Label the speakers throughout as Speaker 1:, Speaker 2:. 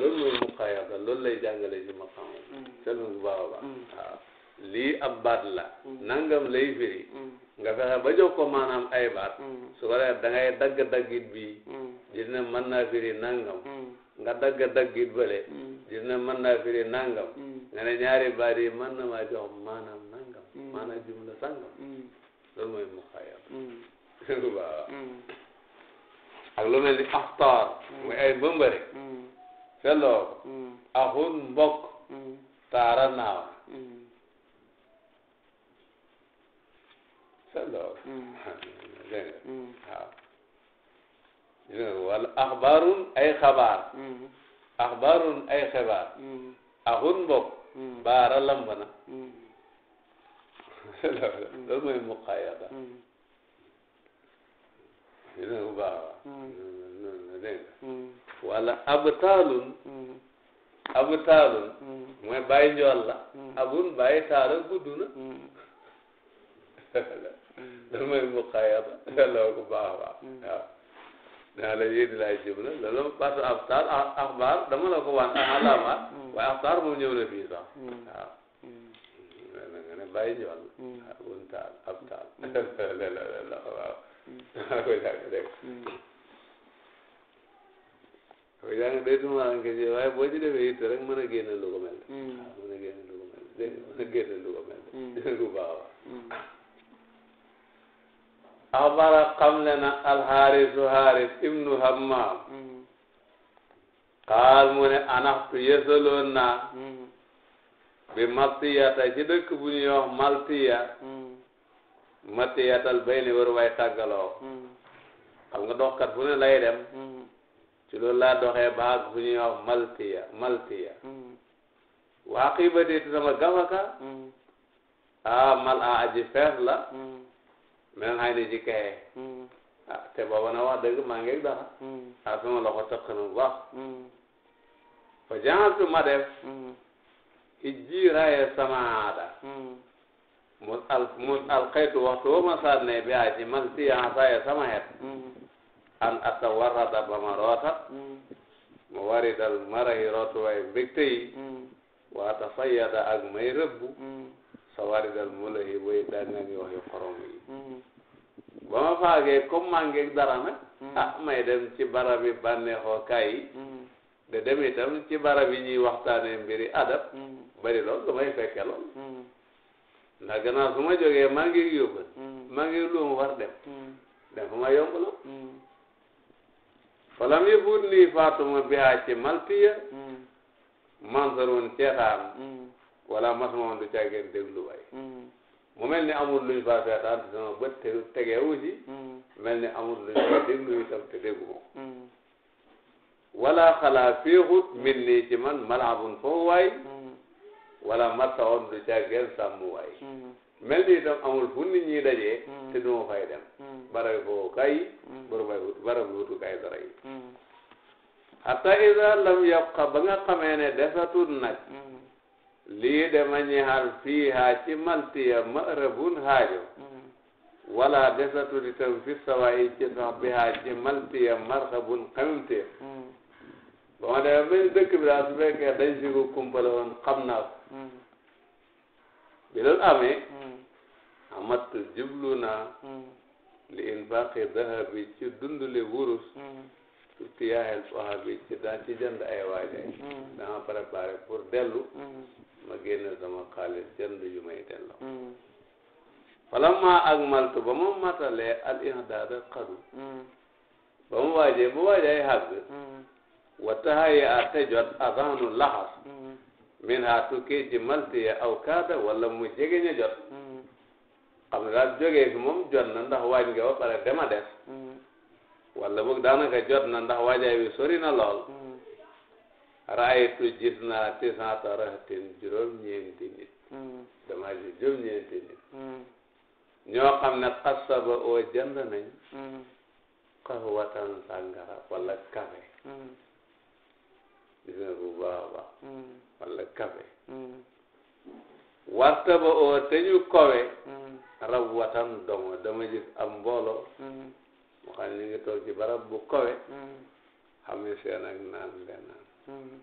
Speaker 1: loolu
Speaker 2: mooy muqaayada loolu lay jàngale ci maqam seetlu mm. bu baax mm. lii ab baat la mm. nangam lay firi nga fexe ba jox ko maanaam ay baat su ko defee da ngay dagg daggit bii gis ne mën naa firi nangam nga dagg daggit bële gis ne mën naa firi nangam nga ne ñaari baat yi mën na maa nangam maanaam jumla sangam loolu mooy muqaayada seetlu bu baax a baax ak feloo mm. axun mbokk mm. taara naaw mm.
Speaker 1: feloo dégg nga waaw wala axbaarun ay xabaar
Speaker 2: axbaarun ay xabaar axun mbokk baara lamb na loolu mooy muqayyada
Speaker 1: wala abtaalun
Speaker 2: abtaalun mooy bàyyi njool la abun bàyyi taala gudd na loolu mooy muqayyada loolu bu baax a baax waaw naa la yéen laay jëm la loolu baatu abtaal ah, axbaar dama la ko wan alaamaat ah, ah, waaye axbaar moom ñëw na fii sax waaw na nga ne bàyyi njool la abun taal abtaal loolu la waaw waaye jàng day tumuraanke ji waaye boo ci defee yitte mën a génne lu ko mel. mën a génne lu ko mel mën a génne lu mel. lu baax a axbara xamle na alxaarisu xaaris ibnu hammaam xaal mu ne anaxtu yësaloon naa bi maltiyata ci dëkk bu ñuy wax maltiya maltiyatal bay ni waru way tàggaloo xam nga doxkat bu ci loolu laa doxee ba ak bu ñuy wax hmm. waa kii ba dee sama gamaka hmm. ah mal a aji fees la hmm. mel xay ne ci kaye ah te booba na wax dëgg maa ngi dara ah loxo tëq na bu baax fa ma def ijji raye sama aada mus al mus al waxtu woo ma bi aji maltiya xasaaye sama xet an atawarrada ba ma roota
Speaker 1: ma
Speaker 2: mm. waridal marahi rootuwaay mbégte yi mm. wa atafayyada ak may
Speaker 1: rëbbu mm. sa
Speaker 2: waridal mulahi bay dàngani waxi xorom yi
Speaker 1: ba ma faagee comme maa
Speaker 2: dara nag ah may dem ci barabi bànneexoo kaay yi de dem itam ci barabi ñuy waxtaanee mbiri adab bari lool lu may fekke lool ndax gannaaw su ma jógee maa ngi yóbbal maa ngi war dem dafa ma yomb falam yi buut nii faatuma bihaa ci maltiya hmm. mansaroon ceetaan hmm. wala masmoon du caageen dégluwaay hmm. mu mel ni amul luñ fa seetaan te sama bët te tegewu ci mel ni amul luñ fa déglu itam te déggu ma ko wala xalaa féexut min nii ci man malaabun foofu waay wala mattawoon du caageen sàmm waay mel ni itam amul fu nit ñi dajee te du ma fay dem barabi fowukaay yi barabi barabi wutukaay dara yi hatta iza lam yabqa ba nga xamee ne defatut nag lii dama ñaxal fii haa ci maltiya marabun haajo wala desatul itam fi sawaayi ci sax bi haa ci maltiya marhabun xamimteef ba ma demee benn dëkk bi daal su fekkee dañ si ko kumpale woon xam naa ko bi loolu amee amat jublu naa li infaqi dahabi ci dundale wurus surtiyaayel mm. sahabi ci daa ci jënd ay waajay mm. dama préparé pour dellu mm. ma génne sama xaalis jënd yu may
Speaker 1: delloo falamma ak maltu ba
Speaker 2: ma matalee al ihdaada xadu ba mu waajee ba waajay xàgg
Speaker 1: wa tahaya a tejot adanu laxas
Speaker 2: min ha tukkee ci maltiya aw kaada wala mu jege ña jot xam ne daal jógee jot na ndax waaj nga ba pare dema def mm. wala boog daanaka jot na ndax waajaay bi sori na lool mm. raaytu gis naa tisaata rahtin juróom-ñeenti nit mm. dama gis juróom-ñeenti
Speaker 1: nit ñoo xam ne
Speaker 2: xasaba oo jënd nañ xahwatan sàngara wala kafe gis nga bu baax a baax wala kafe ba oo te ñu kowe rawwatan domo dama gis am mbooloo moo mm-hmm. xam ngi toog ci barab bu kowe mm-hmm. xam ne seen ak naan nga naan mm-hmm.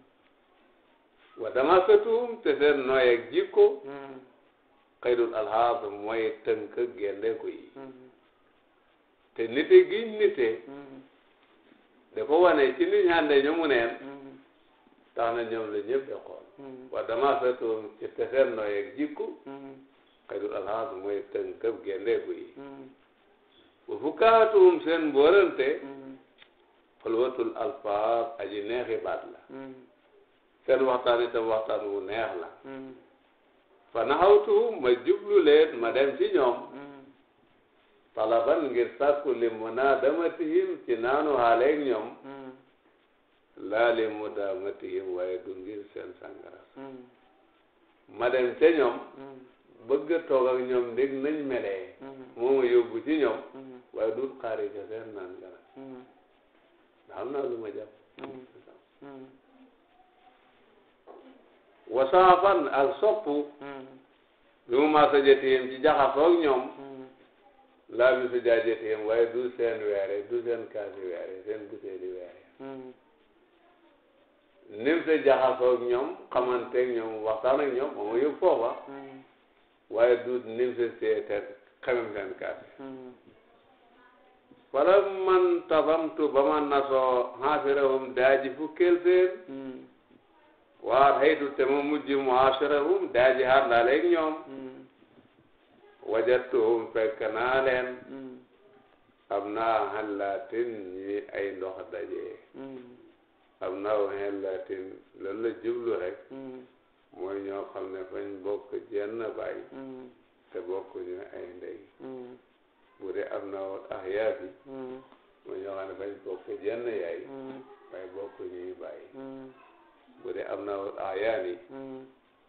Speaker 2: wa dama satuhum te seen nooy ak jikko xayrul alxaas mooy tënk géndeku te nite gi nite da ko wane ci ni ñande ñu mu neen tax na ñoom la ñëpp di te seen nooy ak xayrul alxaas mooy tënkëb gendeeku yi bu fukkaatuum seen mboolante xulwatul alfaaf aji neexi baat la seen waxtaan itam waxtaan wu neex la fa naxawtuhum ma jublu leen ma dem ci ñoom talaban ngir sàkku li munaadamatihim ci naanu xaaleeg ñoom laa li mudamatihim waaye du ngir seen ma dem ca ñoom bëgg a toog ak ñoom dégg nañ melee mm-hmm. mooma yóbbu ci ñoom mm-hmm. waaye du xaari seen naan gara ndax mm-hmm. am naa lu ma jàpp wasaafan ak soppu bi mu maa sajatiyam ci jaxasoog ñoom laa bi sa jaajatiyam waaye du seen weere du seen kaasi weere seen buteeli weere nim sa jaxasoog ñoom xamanteeg ñoom waxtaan ak ñoom mooma yóbbu foofa waaye duut nim si seetal xamem seen kaas fala hmm. man tabamtu ba ma nasoo xaasirahum daaji fukkeel seen hmm. waar haydu te ma mujj mu xaasirahum daaji xarlaaleeg ñoom hmm. wajattuhum fekk naa leen am naa xallaatin ñi ay ndox dajee am naa xallaatin loolu la jublu rek mooy ñoo xam ne fañ bokk jenn baay mm. te bokkuñu ay ndey mm. bu dee na ah mooy ñoo xam ne fañ bokk jenn yaay waaye bokkuñu baay bu dee am na ah yaa ni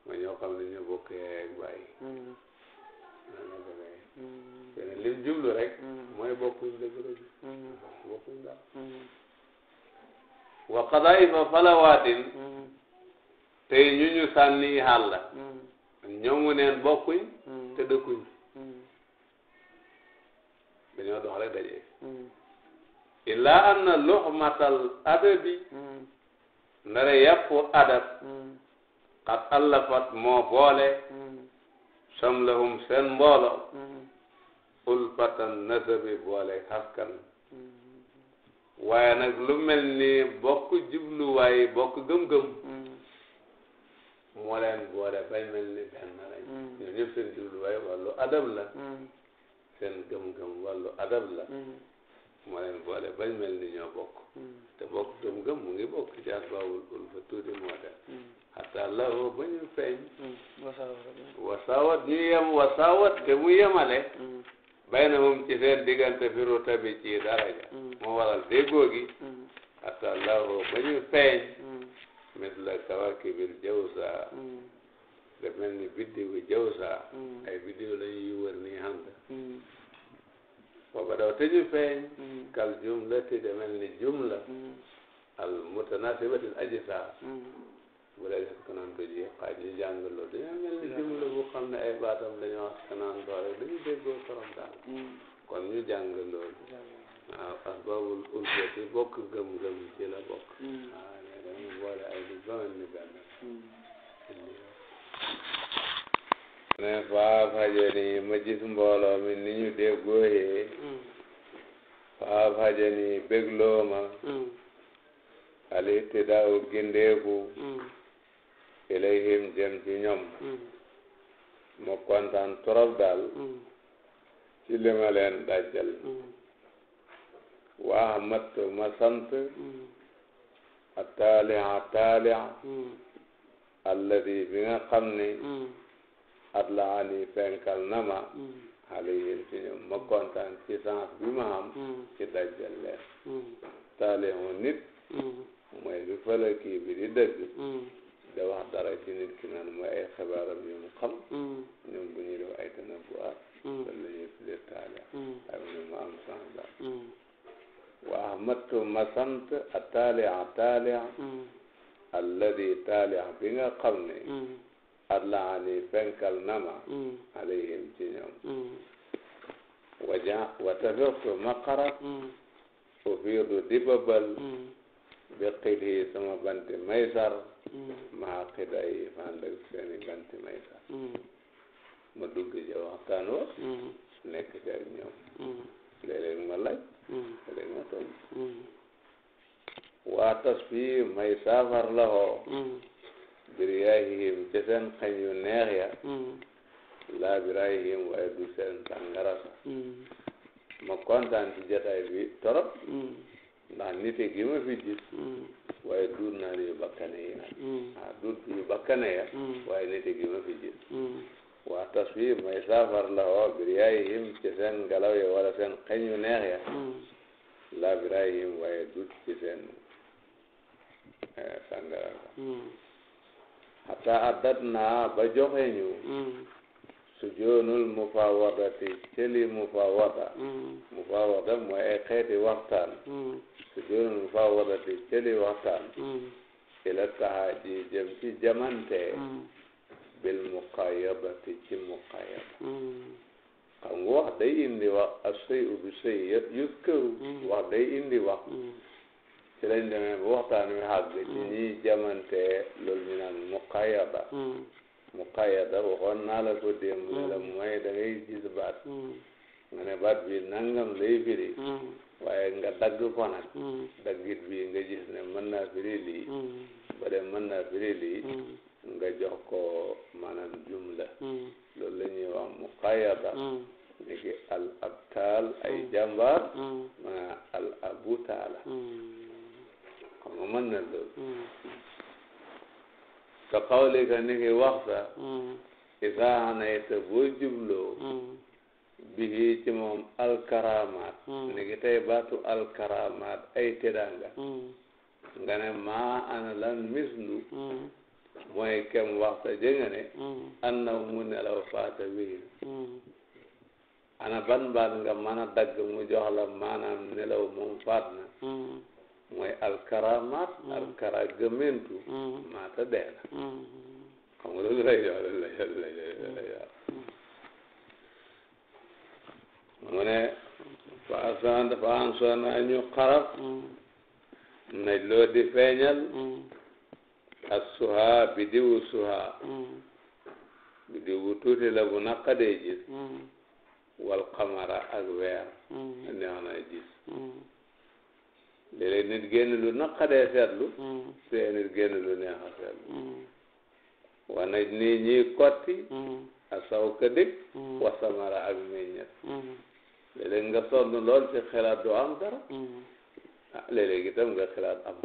Speaker 2: mooy ñoo xam ne ñu bokk yaay ak baay kene lim jublu rek mooy bokkuñ dëgg-dëgg bokkuñ daal wa qadaaifa falawaatin tey ñu ñu sànni yi xàll
Speaker 1: mm. ñoomu neen mm. te dëkkuñ mm.
Speaker 2: dañoo dox rek daje illaa am na luxmatal adabi ndare yàppu adab xat allafat moo boole samlahum seen mboolo ulfatan nasabi boole xaskan waaye nag lu mel ni bokk jubluwaay bokk gëm-gëm moo leen boole bañ mel ni benn lañ ñoom ñëpp seen jubluwaay wàllu adab la seen gëm-gëm wàllu adab la moo leen boole bañ mel ni ñoo bokk hmm. te bokk gëm-gëm mu ngi bokk ci asbaabul ulfa tuuti moo def hmm. hatta lahu ba
Speaker 1: ñu feeñ hmm. wasaawat ñu yem
Speaker 2: wasaawat te mu yemale bay na moom ci seen diggante fi rutabi ci daraja
Speaker 1: moo waral déggoo
Speaker 2: gi hatta lahu ba ñu feeñ mithla kawakibil jawza mm. daf mel ni biddiwu jawza mm. ay biddiw la ñuy wër nii hand mm. booba daw tëju feeñ kal jumlati da mel ni jumla al mutanasibatil ajsa bu dee gis ko naan doji xaaj ñu jàng loolu dañoo jumla bu xam ne ay baatam dañoo wax ko naan doole dañu déggoo torom daal kon ñu jàng loolu waaw asbabul ulfati bokk gëm-gëm ci la bokk ñu boole ay lu gënoon ni benn ne faa fajani ma gis mbooloo mi ni ñu déggooyee faa fajani bégloo ma alihtidaaw gindeeku ilayhim jëm ci ñoom ma trop daal ci ma leen dajjal waa mat ma a taaliya taaliya alladi bi nga xam ni adla ani fenkal na ma xale ci ñoom ma kontaan ci bi ma am ci dajjal leen taaliya mu nit mooy bi fële bi di dëgg da wax dara ci nit ki naan mooy ay xibaaram yu mu xam ñoom bu ñuy def ay tanabuwaat loolu la ñuy tuddee taaliya ay ma am sens daal wa ahmadtu ma sant a taaliya taaliya alladi taaliya bi nga xam ne adlaani fenkal nama alayhim ci ñoom waja wa tafirtu ma xarat ufiidu di babal bi xili sama banti maysar maa xiday fànd ak seeni banti maysar ma dugg ci waxtaan wa nekk ci ak ñoom ma laaj
Speaker 1: kalima
Speaker 2: tooñ waa tasfiyu may saafar la hoo biriyaahihim ci seen xañ yu neex ya laa biraayihim waaye du seen sàngara ma kontaan ci jataay bi torop ndax nite gi ma fi gis waaye duut naa yu bakkane yi nag mm. ah duut yu bakkane ya mm. waaye nite gi ma fi gis waa taswir may saafar la woo biraayihim ci seen ngelaw ya wala seen xeñ neex ya mm. la biraayihim waaye dut ci seen eh, sàngara ko mm. hatta addat naa ba joxe ñu mm. sujoonul mufawadati cëli mufawada mufawada mooy ay xeeti waxtaan sujoonul mufawadati cëli waxtaan ila tahaji jëm ci jamante bil muqayyabati ci muqayyaba hmm. xam nga wax day indi wax ak sëy ubi sëy yëpp yus këru hmm. wax day indi wax hmm. ci lañ demee ba waxtaan mi xàgg ci ñiy jamante loolu ñu naan muqayyaba muqayyada naa la ko démb la mooy da ngay gis baat nga ne baat bi nangam lay firi waaye nga dagg ko nag daggit bi nga gis ne mën naa firi lii ba dem mën naa firi lii nga jox ko maanaam jumla hmm. loolu la ñuy wax muqayyada hmm. al abtaal ay jàmbaar hmm. ma al abutaala xam nga mën na loolu ka qawlika ni ki wax sa isaanayta boo jubloo bihi ci moom alkaramaat ni ki tey baatu alkaramaat ay tedanga nga ne maa ana lan mislu mooy kem waxta jënga ne hmm. anna mu nelaw faata wéyul hmm. ana ban baat nga mën a mu jox la maanaam nelaw moom faat na hmm. mooy alkaramaat alkara gëmentu maata dee na xam nga loolu lay jox loolu lay jox loolu loo di feeñal ak suha bidiwu mm. suha bidiwu tuuti la bu naqadee gis mm. wal xamara ak weer mm. neex na gis léeg-léeg nit génn lu naqadee seetlu see nit génn lu neex a seetlu wana nii ñiy kotti a saw ka dëkk wa samara ak meññet léeg-léeg nga sonn lool ci xelaat du am dara ah léeg nga xelaat am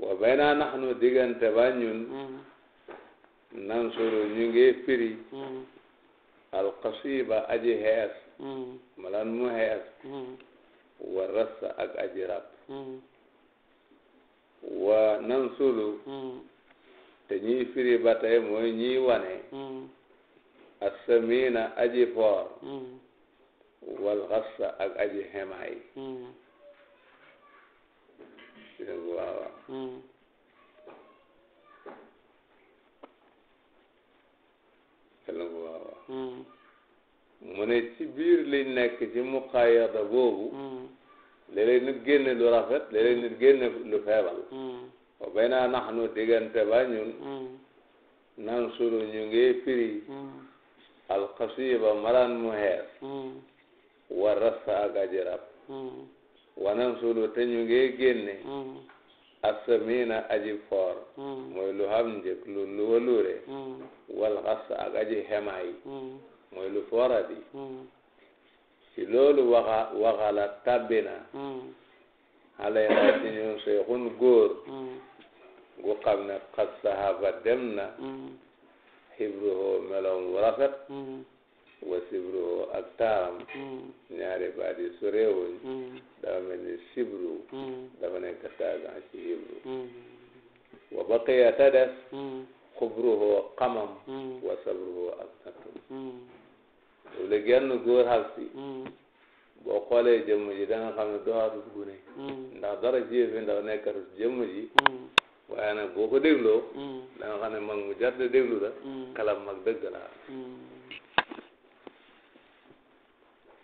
Speaker 2: wa bayna naxnu diggante ba ñun nansuru mm-hmm. ñu ngi firi mm-hmm. alqasiba aji xees mm-hmm. malan mu xees wa rassa ak aji rab
Speaker 1: wa nansuru
Speaker 2: te ñuy firi ba tey mooy ñiy wane assamina aji foor wal rassa ak
Speaker 1: aji xemaay waaw
Speaker 2: waaw waaw mu ne ci biir liñ nekk ci muqayyada boobu hmm. léeg-léeg nit génne lu rafet léeg-léeg nit génne lu feebal hmm. wa bayna naxnu diggante ba ñun hmm. nan suru ñu ngi firi alxasiba maran mu xees wa rasa ak ajirab wanam sulu te ñu ngi génne mm. asamina aji foor mm. mooy lu xam njëkk lu lu waluure mm. wal xas ak aji xemaay mooy lu fooradi ci loolu waxa waxala tabbina xale na ci ñun seexun góor gu xam ne xas sahaba dem na xibruhoo meloom wu rafet wasibru ak taaram mm. ñaari baat yi soreewuñ mm. dafa mel ni sibru mm. dafa nekk saagan ci hibru wa baqiya ta des xubruhu xamam wa sabruhu ak nattum lu genn góor xalsi boo xoolee jëmm ji da nga xam ne doxatut gune ndax dara jiye fi ndaw ji waaye nag boo ko dégloo da nga mag mu jar de déglu la kalam mag dëgg la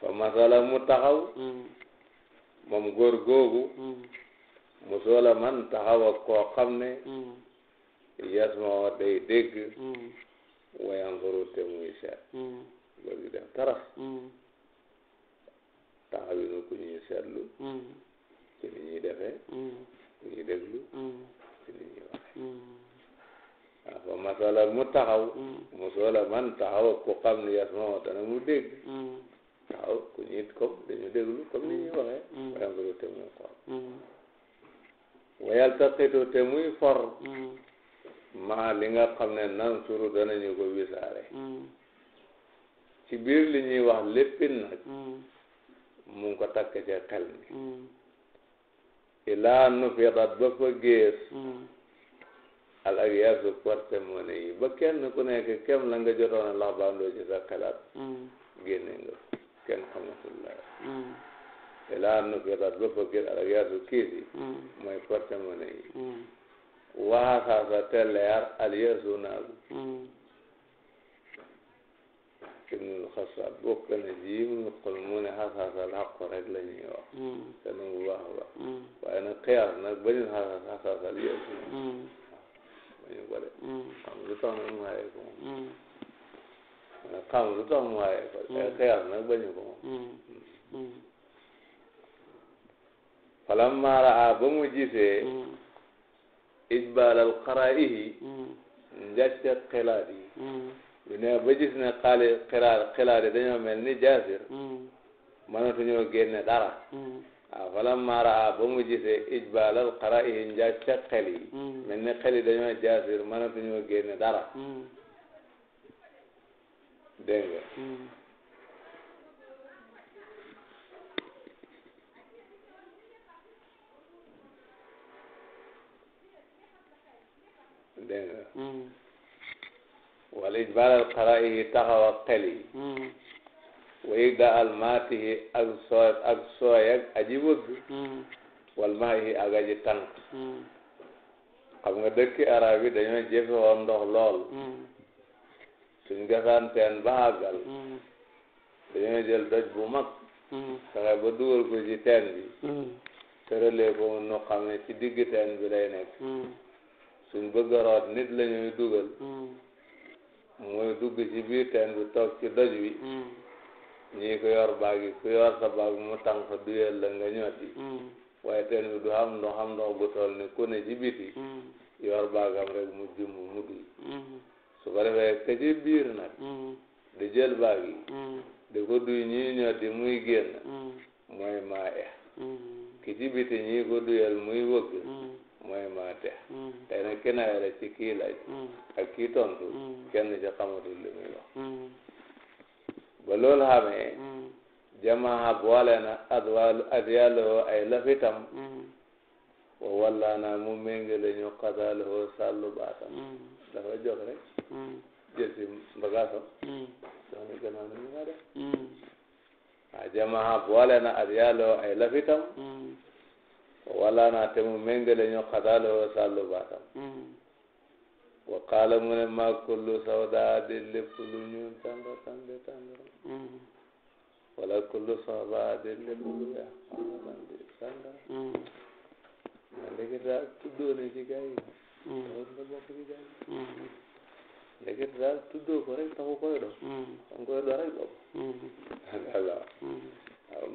Speaker 2: fa masala mu taxaw hmm. moom góor googu hmm. mu soola man taxaw ak koo xam ne hmm. yas ma wa day dégg wayan furu te muy seet góor gi def taraf taxawinu ku ñuy seetlu ci ni ñuy defee ku ñuy déglu ci ni ñuy waxee ah mu taxaw mu soola man taxaw ak koo xam yas ma wa mu dégg waaw ku ñuy comme dañu déglu comme ni ñuy mm-hmm. waxee. Mm-hmm. Mm-hmm. te muy for. wayal li nga xam ne nan suru danañu ko wisaare. ci biir li ñuy wax léppin nag. mu ko takk ci xel mi. ilaa nu fidat ba fa gées. al ak yaasu porte-monnaie yi ba kenn ku nekk kem la nga jotoon a lax baandoo ci sa xelaat. génne nga. kenn xamatul la ilaa nu fi daal ba bëggee ala yaatu kiis yi mooy porte-monnaie yi waxaasa te leer al yeesu naagu ibnul xasaab bokk na ji mu xol mu ne xasaasa xaqu rek la ñuy wax te nu mu baax ba waaye nag xiyaas nag bañul xasaasa xasaasa al yeesu
Speaker 1: naagu bañu ko de xam lu tax nag mu xaye ko moom
Speaker 2: xam lu tax mu waaye xiyas nag bañu ko moom falamma raa ba mu gisee ijbaalal xaraa'ihi njàcca xilaat yi lu ne ba gis ne xaali xilaat xilaat yi dañoo mel ni jaasir mënatuñoo génne dara waaw falamma raa ba mu gisee ijbaalal xaraa'ihi njàcca xel yi mel ni xel yi dañoo jaasir mënatuñoo génne dara dégg nga dégg nga wala ijbaal al xaraayi taxaw ak xel yi wayig da almaati yi ak sooy ak sooy ak aji bëgg wal maa yi ak aji tànk xam nga dëkki arab yi dañoo jëfe woon ndox lool suñ gasaan teen ba àggal mm. jël doj bu mag a mm. ba dugal ko ci teen bi mm. tëralee ko nu xam ci digg teen bi lay nekk suñ bëgg a nit la ñuy dugal mooy dugg ci biir teen bi toog ci doj bi ñii ko yor baag yi ku yor sa baag mu tànk duyel la nga ñooti waaye teen bi du xam ndox xam ni ku ci biti yor baagam rek mu jëmm mu duy su ko ci biir nag mm. di jël baag yi mm. di ko duy ñii ñoo di muy génn mm. mooy maa ex ki ci biti ñii ko duyal muy wëgg mooy maa tex tey nag kinaaya la ci kii laaj ak kii tontu kenn ci xamatul li muy wax jamaa boole na adwaalu adyaaloo ay lafitam wa walla naa mu méngale ñu xasaaloo sàllu baatam dafa jóg rek. Hmm. jël ci mbagaasam. jox hmm. ni gannaaw ni mu war a def. ah jamaa na ak yàlla ay lafitam. wala naa te mu méngale ñu xataaloo sàllu baatam. wa qaala mu ne maa kullu sawda di lépp lu ñuul tànga wala kullu sawda di lépp lu weex tànga tànga tànga. ma léegi daal tuddoo taxut nga bokk ci gaay léegi daal tuddoo ko rek taxu koy do xam koy do rek bokk alors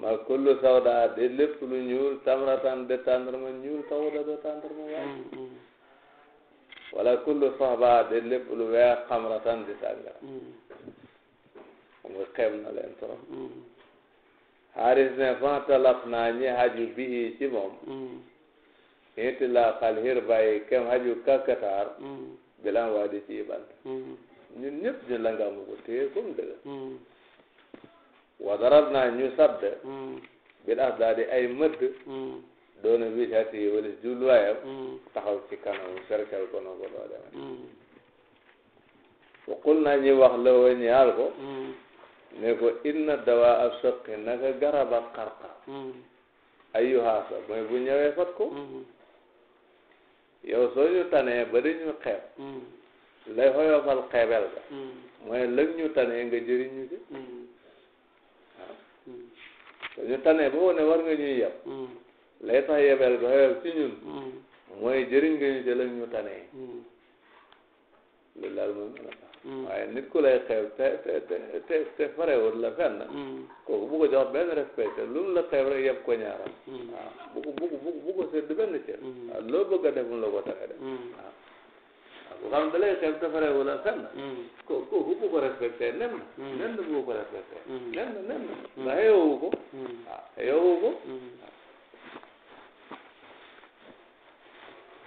Speaker 2: ma kullu sawda de lépp lu ñuul tamratan de tàndarma ñuul sawda de tàndarma mm. waaye wala kullu sahba de lépp lu weex xamratan de sàngara xam nga xeeb na leen trop xaaris mm. ne fantalaf naa ñi haju bihi ci moom intilaqal hirbaayi kem haju kakkatar mm. bilan waadi ci ibanta mm. ñun ñëpp ñu langamu ko téye comme dëgg mm. wadarat naa ñu sadd bil ahdaadi ay mëdd doona wijati yi wala julwaayam taxaw ci kanamu serkel ko na ko doo demee wa qul naa ñu wax la woo ñaal ko ne ko inna dawa ab soqi naka garab ak xarxar ayyuhaasa mooy bu ñëwee fat ko yow soo ñu tanee ba di ñu xeeb mm. lay xoyofal xeebel ga mm. mooy lëg ñu tanee nga jëriñ ñu ci mm. waaw ñu tanee ba wane war yeb lay tax yebel ga xoyof ci ñun mooy jëriñ nga ñu ci lëg ñu tanee loolu daal mooy mën waaye nit ku lay xeeb te te te te farewul la fenn mm. kooku bu ko jox benn respect te lu mu la xeeb rek yem ko ñaaral mm. waaw bu ko bu ko bu ko sédd benn cër mm. waaw loo bëgg a def mu la ko tax a def waaw bu xam da lay xeeb te farewul la fenn kooku kooku bu ko respecté nen na nen na bu ko respecté nen na nen na ndax yeewu ko waaw yeewu ko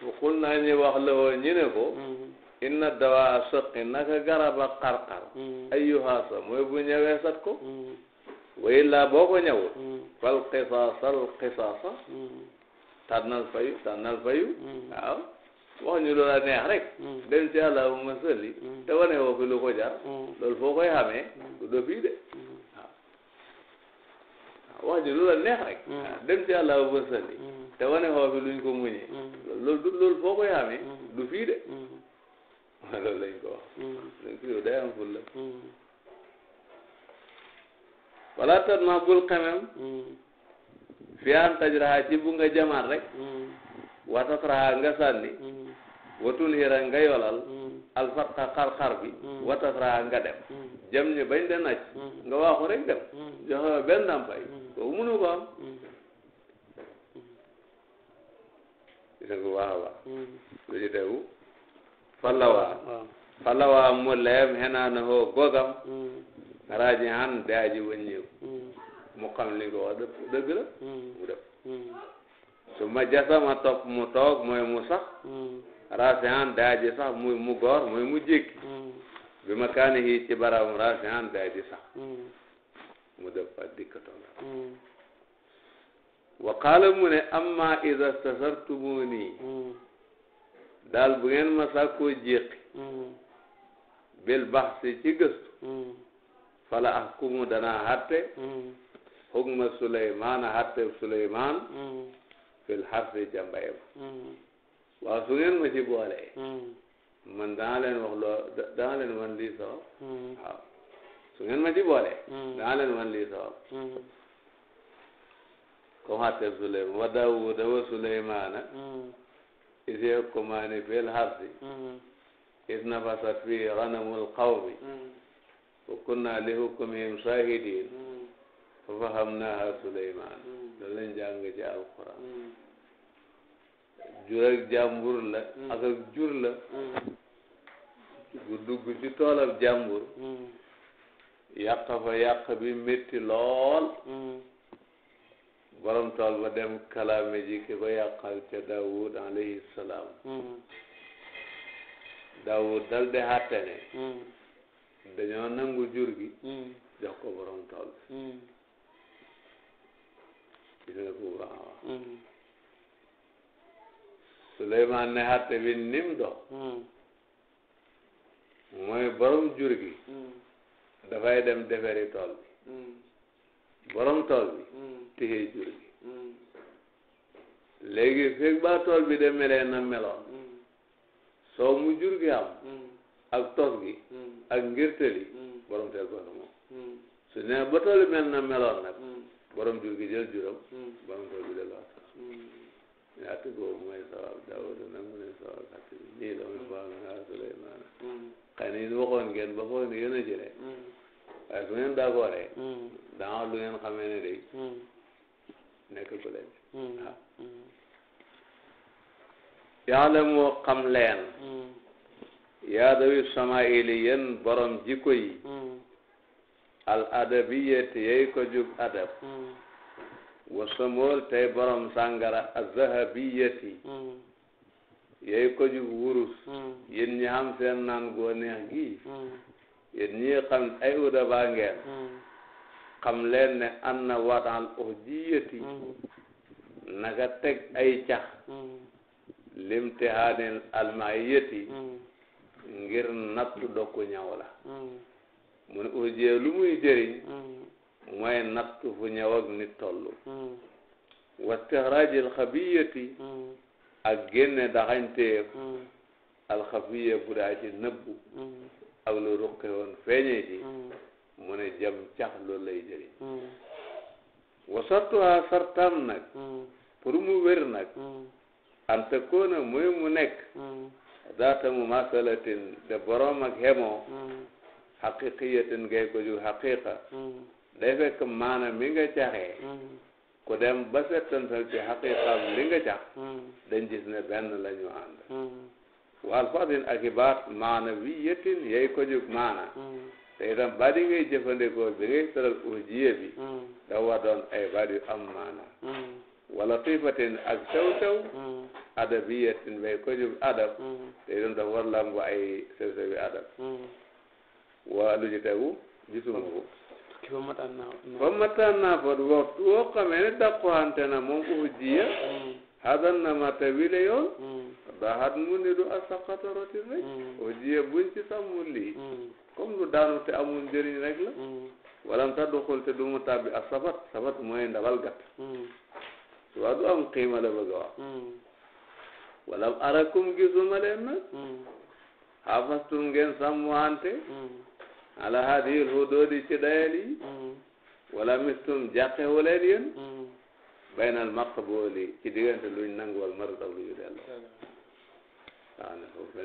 Speaker 2: bu xul naa ñu wax la woon ñu ne ko inna dawaa a soqi naka garaba xarxar ayyuha sa mooy bu ñëwee sat ko way la boo ko ñëwul fal qisaasal qisaasa tànnal fayu tànnal fayu waaw wax ñu loola neex rek dem ci allahumma salli te wane woo lu ko jar loolu foo koy xamee du do de wax ñu loola neex rek dem ci allahumma salli te wane woo fi luñ ko muñee loolu loolu foo koy xamee du fii de loolu lañ ko wax. donc yow day am ful hmm. wala tat ma bul xemem. Hmm. fiyaan tajraha ci bu nga jamaat rek. Hmm. watatraha nga sànni. watul hira nga yolal. alfatxa xar-xar bi. watatraha nga dem. jëm ñu bañ de naaj. nga waaxu rek dem. joxe benn ndàmpaay. kooku mënu ko am. dina ko waax a baax. fallawa fallawa mu leem henaana hoo gogam hmm. raaji han daaji wëññeeku hmm. mu xam li nga wax dëgg la
Speaker 1: hmm. mu ma jasama mu toog mooy mu sax raasi han
Speaker 2: daaji sax muy mu goor mooy mu jékki bi ma kaani hii ci baram raasi han daaji sax mu def fa dikka toog wa mu ne amma iza stasartumuni dal bu ngeen masa koo jéqi mm-hmm. bil bax si ci gëstu mm-hmm. fala ahkumu danaa xatte xugma mm-hmm. suleymaan a xatte suleymaan fil xarsi ca mbay ma waaw su ngeen ma ci boolee man danaa leen wax loo danaa leen wan lii sabab waaw su ngeen ma ci boolee danaa leen wan lii sabab comme xatte suleymaan wa daawuda wa isee kumaani fil harsi id nafasat fi ganamul qawmi wa kunna li hukmihim shahidin fa fahamnaha Suleymaan loolu lañ jàng ci alquran jur ak jàmbur la ak ak jur la gu dugg ci toolab jàmbur yàq fa yàq bi métti lool borom tool ba dem kalaame ji ki ko yàqal ca Daawud alayhi salaam mm-hmm. Daawud dal de ne mm-hmm. dañoo nangu jur gi mm-hmm. jox ko borom tool bi dina ne xàtte bi nim dox mooy borom jur gi dem defari tool borom tool bi téye jur
Speaker 1: gi
Speaker 2: léegi fekk ba tool bi de melee na meloon soo mu jur gi am ak tos gi ak ngirtali borom teel ko na ne ba tool bi na meloon nag borom jur gi jël juram borom tool bi delloo tos ñaata boobu mooy sabab Daawud nag mu ne sabab at bi nii la muy baax nga Suleymaana xëy na waxoon ngeen ba foog ne yéen a jëlee waaye su ngeen du ngeen xamee ne day hmm.
Speaker 1: hmm. ah. hmm.
Speaker 2: leen yaa dawi samaili yéen borom jikko al adabiyet yey ko jub adab wasamool tey borom sàngara azahabiyeti yey ko jub wurus yéen ñi xam naan goo gi yéen ñi xam ay udaba ngeen xam leen ne an na waataal uhdiyati mm-hmm. naka teg ay cax mm-hmm. limtihaanil almaayati mm-hmm. ngir nattu dokku ñaw la mu ne uhdiya lu muy jëriñ mooy nattu fu ñaw ak nit tollu wa istihraajil xabiyati ak génne daxañteef alxafiya bu daa ci nëbbu ak lu ruqe woon feeñee ci mu ne jam cax loolu lay jëriñ hmm. wasartuha sartam nag hmm. pour mu wér nag hmm. anta koona mooy mu nekk daata mu masalatin de borom ak hemoo xaqiqiyatin ngay ko ju xaqiqa day fekk maana mi nga caxee ku dem ba settantal ci xaqiqam li nga cax dañ gis ne benn la ñu ànd wa alfaadin akibaat maana wiyatin ko jug maana te itam baat yi ngay jëfandikoo bi ngay tëral ujiye bi dafa hmm. war ay baat yu am maana hmm. wala tiifatin ak sew sew hmm. adabiyatin bay ko jub adab te itam dafa war lambu ay sew sew yu adab waa lu ci tegu gisuma ko fa mataan naa fa waxtu woo xamee ne dàqante na moom ujiya hadan na ma tawile yoon daxat mu ni du asaqata rotin rek ujiya buñ ci sàmmul lii comme lu daanu te amul njëriñ rek la. Mm. walam ta duxul te du mu tàbbi ak sabat sabat mooy ndabal gàtt. Mm. waa du am xiima la bëgg a wax. Mm. walam arakum gisuma leen nag. xaafastum ngeen sàmmante. ala hadil hududi ci dayal yi. wala mistum jàqewu leen yéen. baynal maqbooli ci diggante luñ nangu wal marut ak lu ñu delloo.
Speaker 1: waaw ne foofu la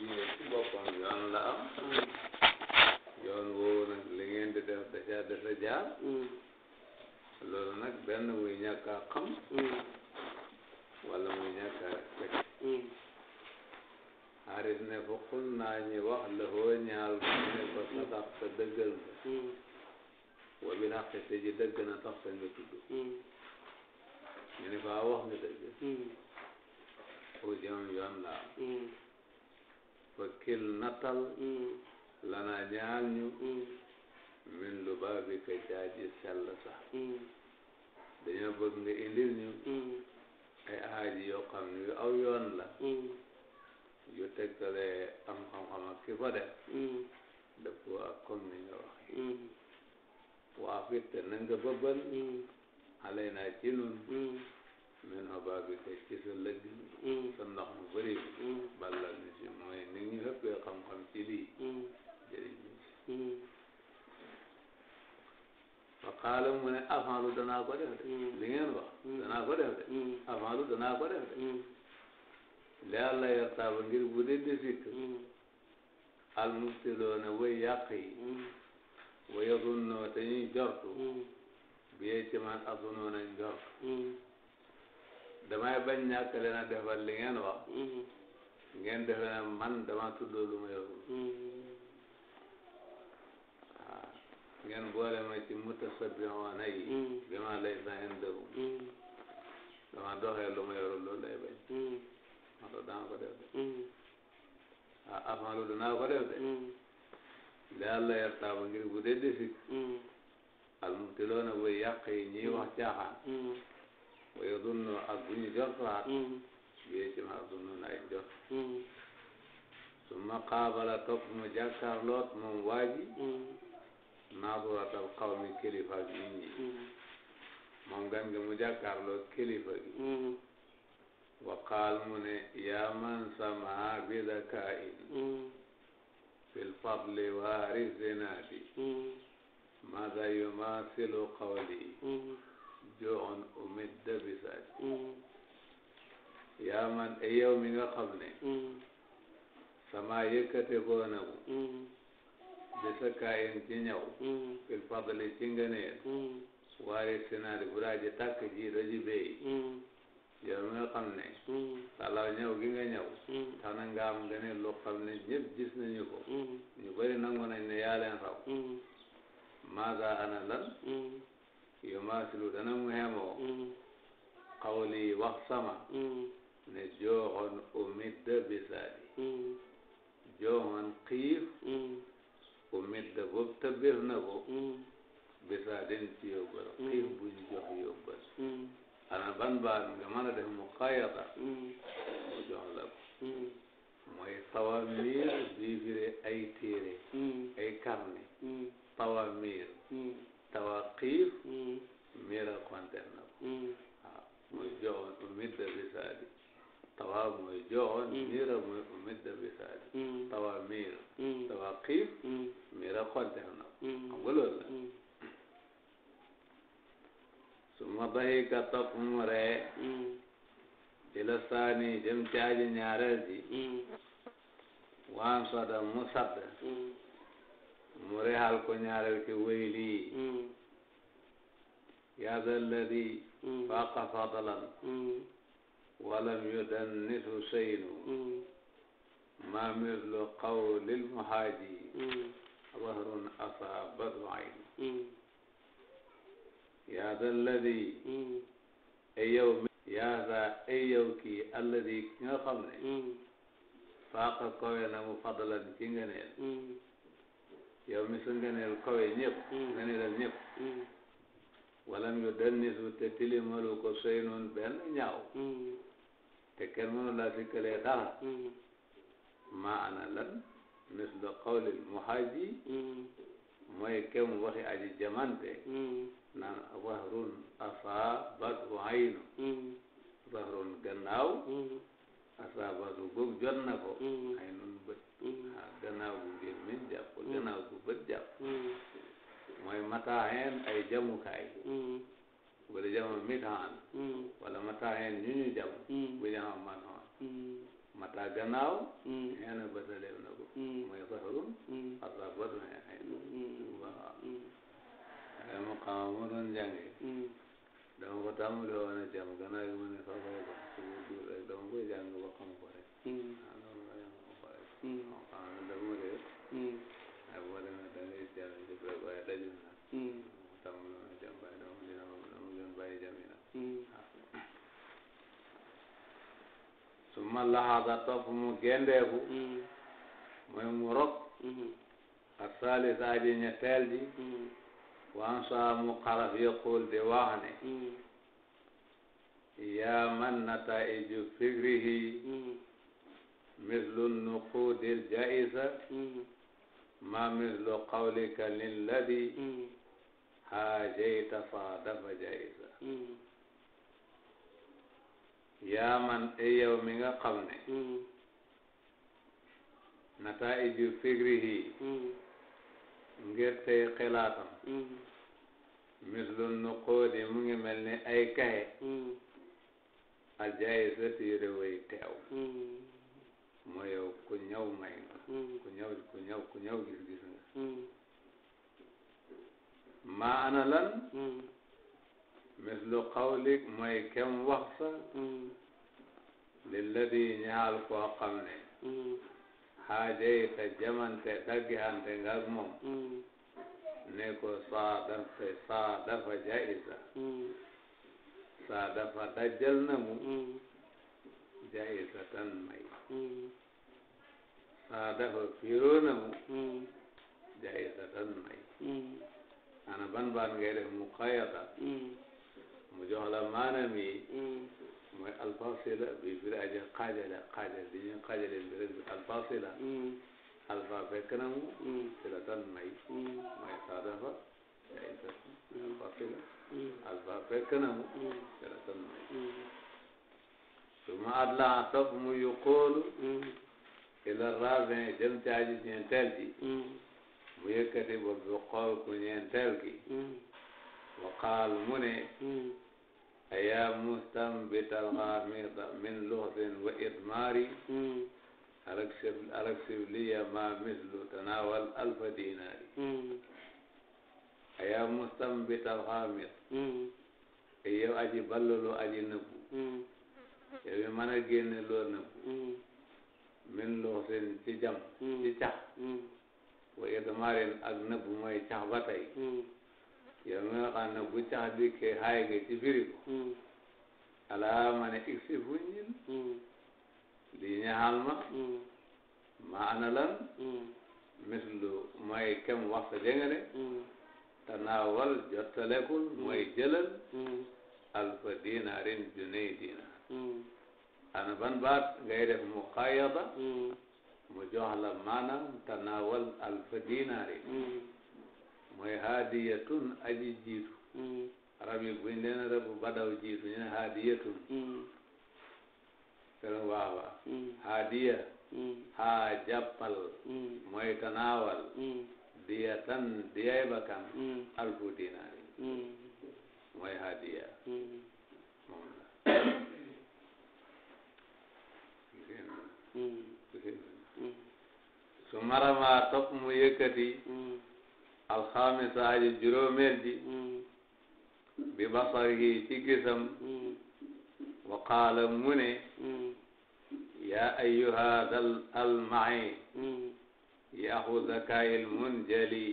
Speaker 1: diine ci boppam yoon la am
Speaker 2: yoon woowu nag li ngeen di def da caa des a jaar loolu nag benn muy ñàkk a xam wala muy ñàkk a respecté xarit ne fa xul naa ñi wax la hoo ñaal ko ne ko sadaq te dëggal nga wa bil haqi te ji dëgg na tax te nga tudd ñu ne fa wax nga dëgg o jëm yoon la wakkil nattal lana ñaan ñu min lu baabi ka jaaji sell sax dañoo bëgg nga indil ñu ay aaji yoo xam ne yu aw yoon yu tegtale am xam-xam ak ki ko def dëppoo ak comme ni nga wax waa fit te na nga bëbbal alay naa ci nun min xabaar bi teg ci sa lëgg mm. sa ndox mu bëri mm. bi ballal ni si mooy ni ñu ëppee xam-xam ci lii mm. jëriñ ñi fa qaala mu ne avant lu danaa ko def de li ngeen wax danaa ko def de avant lu danaa ko def de li yàlla yartaaba ngir bu dee di sikk al mubtiloona way yàq yi way yazunnoo te ñuy jortu bi yee ci man azunoona njort damay bañ ñàkk leen a defal li ngeen wax mm-hmm. ngeen defe ne man dama tudd lu ma yëgul waaw ngeen boole ma ci mutasabihoona yi mm-hmm. bi ma lay sa indahum mm-hmm. dama doxee lu ma yorul loolu lay bañ ma to dama ko def de waaw afaalu danaa ko def de ah yàlla yartaaba ngir bu dee defik al mubtiloona yàq yi ñiy wax wa yadunnu ak bu ñu jortaat bi ci ma dunnun ay jot summa qaabala topp mu jàkkaarloot moom waaji naaduratal qawmi kilifa ak nit ñi moom gan nga mu jàkkaarloot kilifa gi wa qaal mu ne yaa man samaa bi dakaa'in fil fadli waari zinaati maada yumasilu qawli joon umid dabisaat yaa man e yow mi nga xam ne sama yëkkate goona bu bi sa kaayin ci ñëw fil fadli ci ngëneel waari sinaari bu ji tàkk ji daji béy mi nga xam ne salaw ñëw gi nga ñëw tax na nga am ngëneel ne ñëpp gis nañu ko ñu bëri nangu nañ ne yaa leen raw maaga ana lan yu maasilu dana mu hemoo qawli mm. wax sama mm. ne jooxoon umidda bisaadi mm. jooxoon xiif umidda boobu tabir na ko bisaadin ci yóbbal xiif buñ jox yóbbal ana ban baat nga mën a def mu xayata mu jox la ko mooy tawamir bii firi ay téere ay karne tawamir tawaqif mm. mm. ah, mm. mira konten na ko waaw mooy joxoon umidda tawa mooy joxoon mira mooy umidda bisaadi tawa mira tawaqif mira konten na ko xam nga loolu ma bayi ka mu ree ila saani jëm caaji ñaareel ji soda mu sadda mu reexal ko ñaareel ki wayli yaa zal ladi faaqa fadlan walam yudannisu shaynu ma mislu qawlil muhaaji wahrun asaabatu aynu yaa zal ladi ay yow yaa za ay yow kii alladi ki nga xam ne faaqa kowe na mu fadlan ci nga neel yow mi su ngeneel kawe ñëpp mm. ngeneelal ñëpp mm. walam yu dannisu te tilimalu ko soy noon benn ñaaw mm. te kenn mënu laa sikkalee dara maa ana lan mislu qawlil muhaaji mooy kem waxi aji jamante naan wahrun asabat aynu wahrun gannaaw asabatu boobu jot na ko mm-hmm. ay nun bët mm-hmm. a ah, gannaaw bu biir min jàpp mm-hmm. gannaaw bu bët jàpp mooy mataaxeen ay jamukaay wala jamu mitaan wala mataaxeen ñu ñu jam bu ñu xam man xoon mata gannaaw xeena bëtaleem na ko mooy saxrum asabatu xeen xeen waaw mu xama mu doon jàngee dama ko tàmbali woon a jàng gannaaw gi ma ne soo koy def su ko tuur rek dama koy jàng ba xam ko rek. ah loolu la jàng ko rek. ah xam nga dama réer. ah boo demee da ngay jàng jub rek waaye dajul mu tàmbali woon a jàng waaye dama dina ma dama gën bàyyi jami na. su ma laxaasa topp mu gendeeku. mooy mu rop. ak saali saa ji ñetteel ji. waan saa mu xaraf yaqul di wax ne man nataiju fikrihi mislu nuqudil jaisa ma mislu qawlika lilladi haajayta faadafa jaisa yaa man ay yow mi nga xam ne nataiju ngir tey xilaatam mislu mm-hmm. nuqoodi mu ngi mel ni ay kaye aljaay sa tiire way teew mu mm-hmm. yow ku ñëw may mm-hmm. gis gis nga maa ana lan mislu qawlik mooy kem wax sa lilladi ñaal koo xam ne xaajay te jamante daggihante nga ak moom ne ko saa dafa mm. saa dafa jaisa saa na mu mm. jaisa tan
Speaker 1: may mm.
Speaker 2: saa dafa fiiroo na mu jaisa tan may ana ban ban ngay mu xayata mu jox la maanaam yi mooy alfasila bi firi aji xaajale xaajal li ñuy xaajale mbir bi alfasila mm. alfa fekk na mu sila mm. tan may mm. may saadafa yaay tas alfasila alfa fekk na mu sila tan may suma adla topp mu yuqoolu ila rabin jëm ci aji ñeenteel ji mu yëkkati bopp bi xool ku ñeenteel ki waqaal mu ne ayaa mustambita alxaamida min luxsin wa idmaari alak sibliya ma mislu tanawal alfa dinaari ayaa mustambita alxaamid yow aji ballulu aji nëbbu yow mi mën a génne loo min luxsin ci jam ci cax wa idmaarin ak nëbbu mooy cax ba yow mi nga xam ne bu cax dikkee xaay nga ci firi ko alaa ma ne igsi lan hmm. mislu mooy kem waxtu jëngale hmm. tanaawal jottalekul hmm. mooy jëlal alfa dinaarin junay dinaar ana ban baat ngay mu xayada mu jox la tanaawal alfa dinaarin mooy haadiyatun aji jiitu mm. arab yi buñ leen rëbb badaw jiitu ñu ne haadiyatun kenn mm. waawa mm. haadiya haa jàppal mooy tanaawal diya tan diyay bakkan alfu dinaari mooy haadiya
Speaker 1: moom la
Speaker 2: su marama topp mu yëkkati alxamisa aji juróomeel ji bi basarihi ci gisam wa qaala mu ne yaa ayyuha dal almaci yaxu zakayil munjali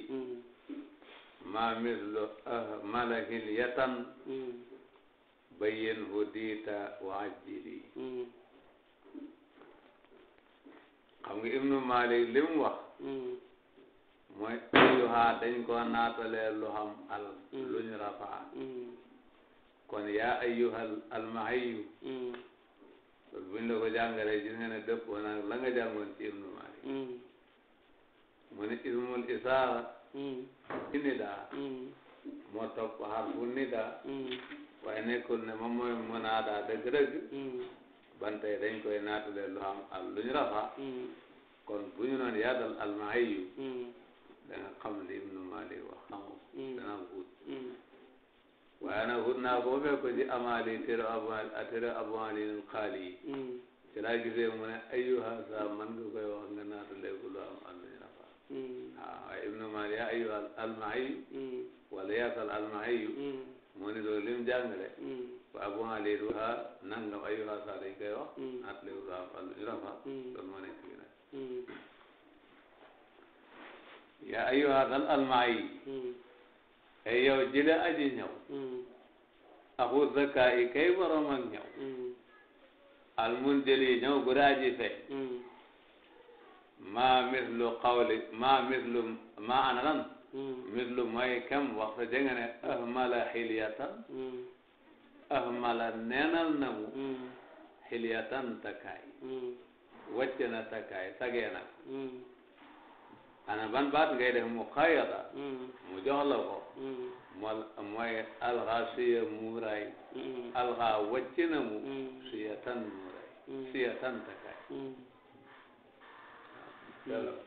Speaker 2: ma mislu ah malakin yatan bayyin hudita wa ajjili xam nga ibnu malik li mu wax mooy uyuha dañ ko naatalee lu xam al mm. lu ñu rafaa mm. kon yaa ayyuhal almahayu loolu mm. buñ la ko jàngalee gis nga ne dëppoo nag la nga jàngoon ci ibnu malik mu ne ismul isaara ci nidaa moo topp harfu nidaa waaye nekkul ne moom mooy munaada dëgg-dëgg bantay dañ koy naatalee lu xam al lu ñu rafaa kon bu ñu noon yaadal almahayu danga xam li Ibnu Malik wax xamu mm. dana wut mm. waaye fekk ko amaali tere abu tere abu ali xaali yi mm. ci laa gisee mu man nga wax nga naata léegi lu am am nañu nafa waaw ah, waaye yaa ayyuha almahiyu wala yaasal almahiyu moo ne loolu lim jàngale waaw bu ma nangam ayyuha sa dañ wax naata léegi lu am am nañu nafa yaa ayyuha zal almaayi hmm. yow jile aji ñëw hmm. axu zakaayi kay borom ak ñëw hmm. almunjali ñëw guda aji maa mislu maa mislu lan mislu mooy kam waxta jënga ne ahmala xilyatan ahmala neenal na mu xilyatan takkaay wàcc na takkaay tagee ana ban baat ngay def mu xayada hmm. mu jox la ko mool hmm. mooy alxasiya muuraay hmm. alxa wàcc mu siya tan muuraay siya tan takaay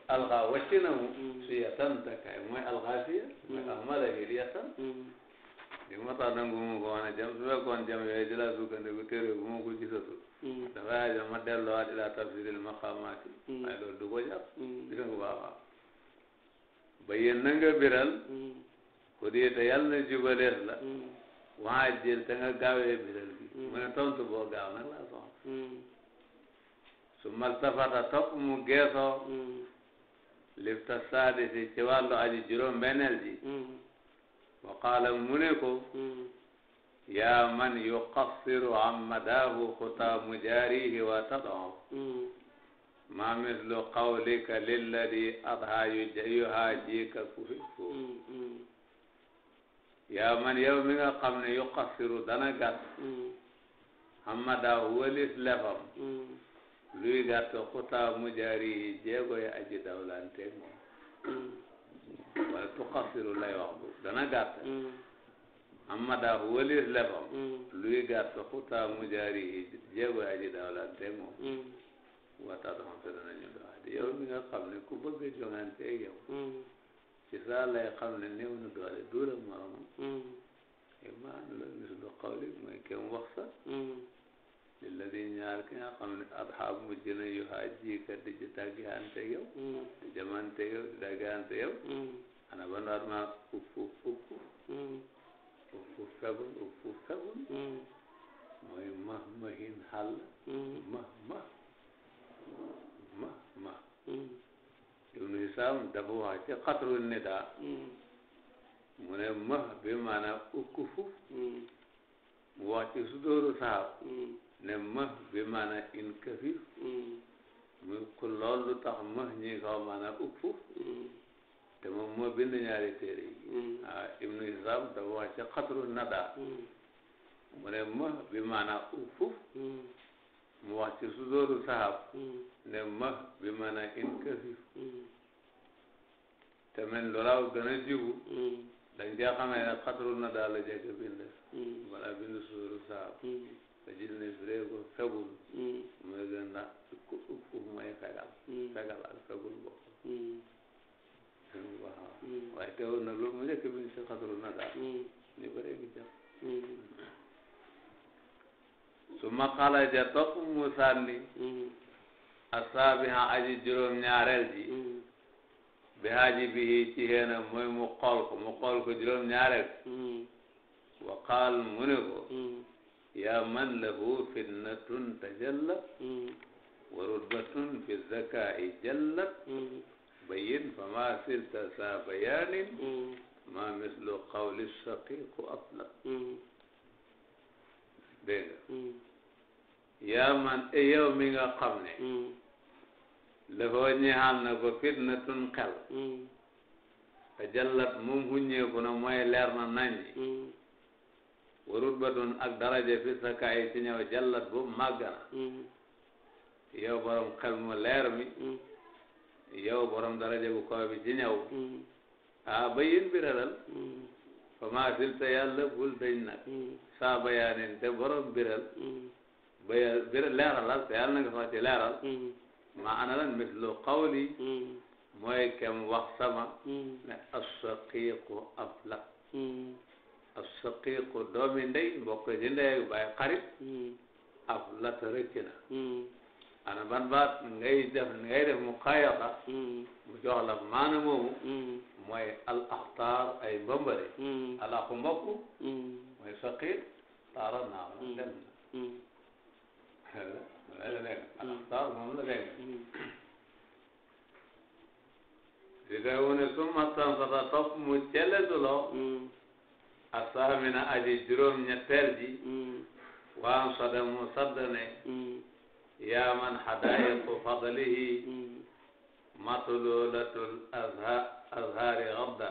Speaker 2: alxa wàcc na mu siya tan takaay
Speaker 1: mooy alxasiya mooy ahmada
Speaker 2: hiriya tan li ma tax nangu mu ko wane jam su fekkoon jam yooyu di laa sukkandiku téere bu ma ko gisatul dafay ajama delluwaat ila tafsiril maqaamaati du ko jàpp gis nga bu ba yéen na nga biral hmm. ku dii te yàlla na jubalees la hmm. waa jël te nga gaawee biral gi hmm. mu ne tontu boo gaaw nag laa soxla su mastafata topp mu geesoo lifta saadisi ci wàllu aji juróom benneel ji wa qaala mu ne ko yaa man yuqassiru ammadahu xutaa mujaarihi wa tadoo ma mislu qawlika lilladi adha yuhaajika kufifu mm, mm. yaa man yow mi nga xam ne yuqassiru dana gàtt mm. hamma daa walis lefam luy gàtt xutaa mujaari yi jéegoy aji dawlanteeg moom wala tuqassiru lay wax bu dana gàtt amma daa walis lefam luy gàtt xutaa mujaari yi jéegoy aji dawlanteeg moom waxtaan bi xam hm. ñu dox di yow mi xam hm. ne ku bëgg a joŋante ak yow. ci saa xam hm. ne néew na doole duula moroomam. imaan la mislu qawli mooy kenn wax sax. lilladi ñaar ki nga xam ne adxaab mujj na yu haaji ka di ci tàggante ak yow. di jamante yow di daggante yow. ana ba ndax ma uf uf uf. uf uf febun uf uf febun. mooy mah mahin xàll. mah mah. ma ma hmm. ibnu Hisaam dafa wax ci xatru nidaa hmm. mu ne ma bi maanaam
Speaker 1: ukufu hmm.
Speaker 2: mu wax ci sudóoru saxaab ne ma bi maanaam in kafif mu ku lool lu tax ma ñi kaw maanaam ukufu te moom moo bind ñaari téere yi ah ibnu Hisaam dafa wax ci xatru nadaa mu ne ma bi maanaam ukufu mu wax ci sudóoru sahab hmm. ne ma bi man a in
Speaker 1: kësif hmm.
Speaker 2: te men lu raw gën a jiwu hmm. dañ cee xamee ne xatru na daal la jekk bind wala bind sudóoru sahab te gis ne su dee ko fegul mooy gën na uf mooy fegal fegal ak fegul bokk waaye teewul na loolu mu njëkk bind si xatru na daal summa xalaja topp mu sànni mm-hmm. asaabiha aji juróom ñaareel ji mm-hmm. bi haaji bihi ci xéenam mooy mu xool ko mu xool ko juróom ñaareel mm-hmm. wa qaal mu ne ko yaa man lahu fitnatun tajallat wa rutbatun fi zakai jallat bayin fa ma silta sa bayanin ma mislu qawli saqiqu atlaq dégg nga yaa man e yow mi nga xam ne mm. lafoo ñeexal na ko fitna tun xel mm. te jallat moom huññeeku na mooy leer na nañ mm. warut ba tun ak daraja fi sa ci ñëw jallat boobu màgg na borom xel mu leer mi yow borom daraja bu kaw ci ñëw ah ba yéen fa maa silta yàlla bul dañ nag saa bayaanin te borom biral ba leeralal te yàlla na nga fa leeral ma ana lan mislu qawli mooy kem wax sama ne assaqiiqu aflaq assaqiiqu doomi ndey mbokk ci ndey baay xarit aflaq ana ban baat ngay def ngay def mu mu jox la maana moomu mooy al axtaar ay mbambare ala ku mooy saqiiq taara naa dem na loolu la dégg alaxtar moom la dégg diga wu ne su mattan sata topp mu celletu loo asaamina aji juróom ñetteel ji waan sada mu sadda ne yaa man hadayiqu fadlihi matlulatul azha azhari gabda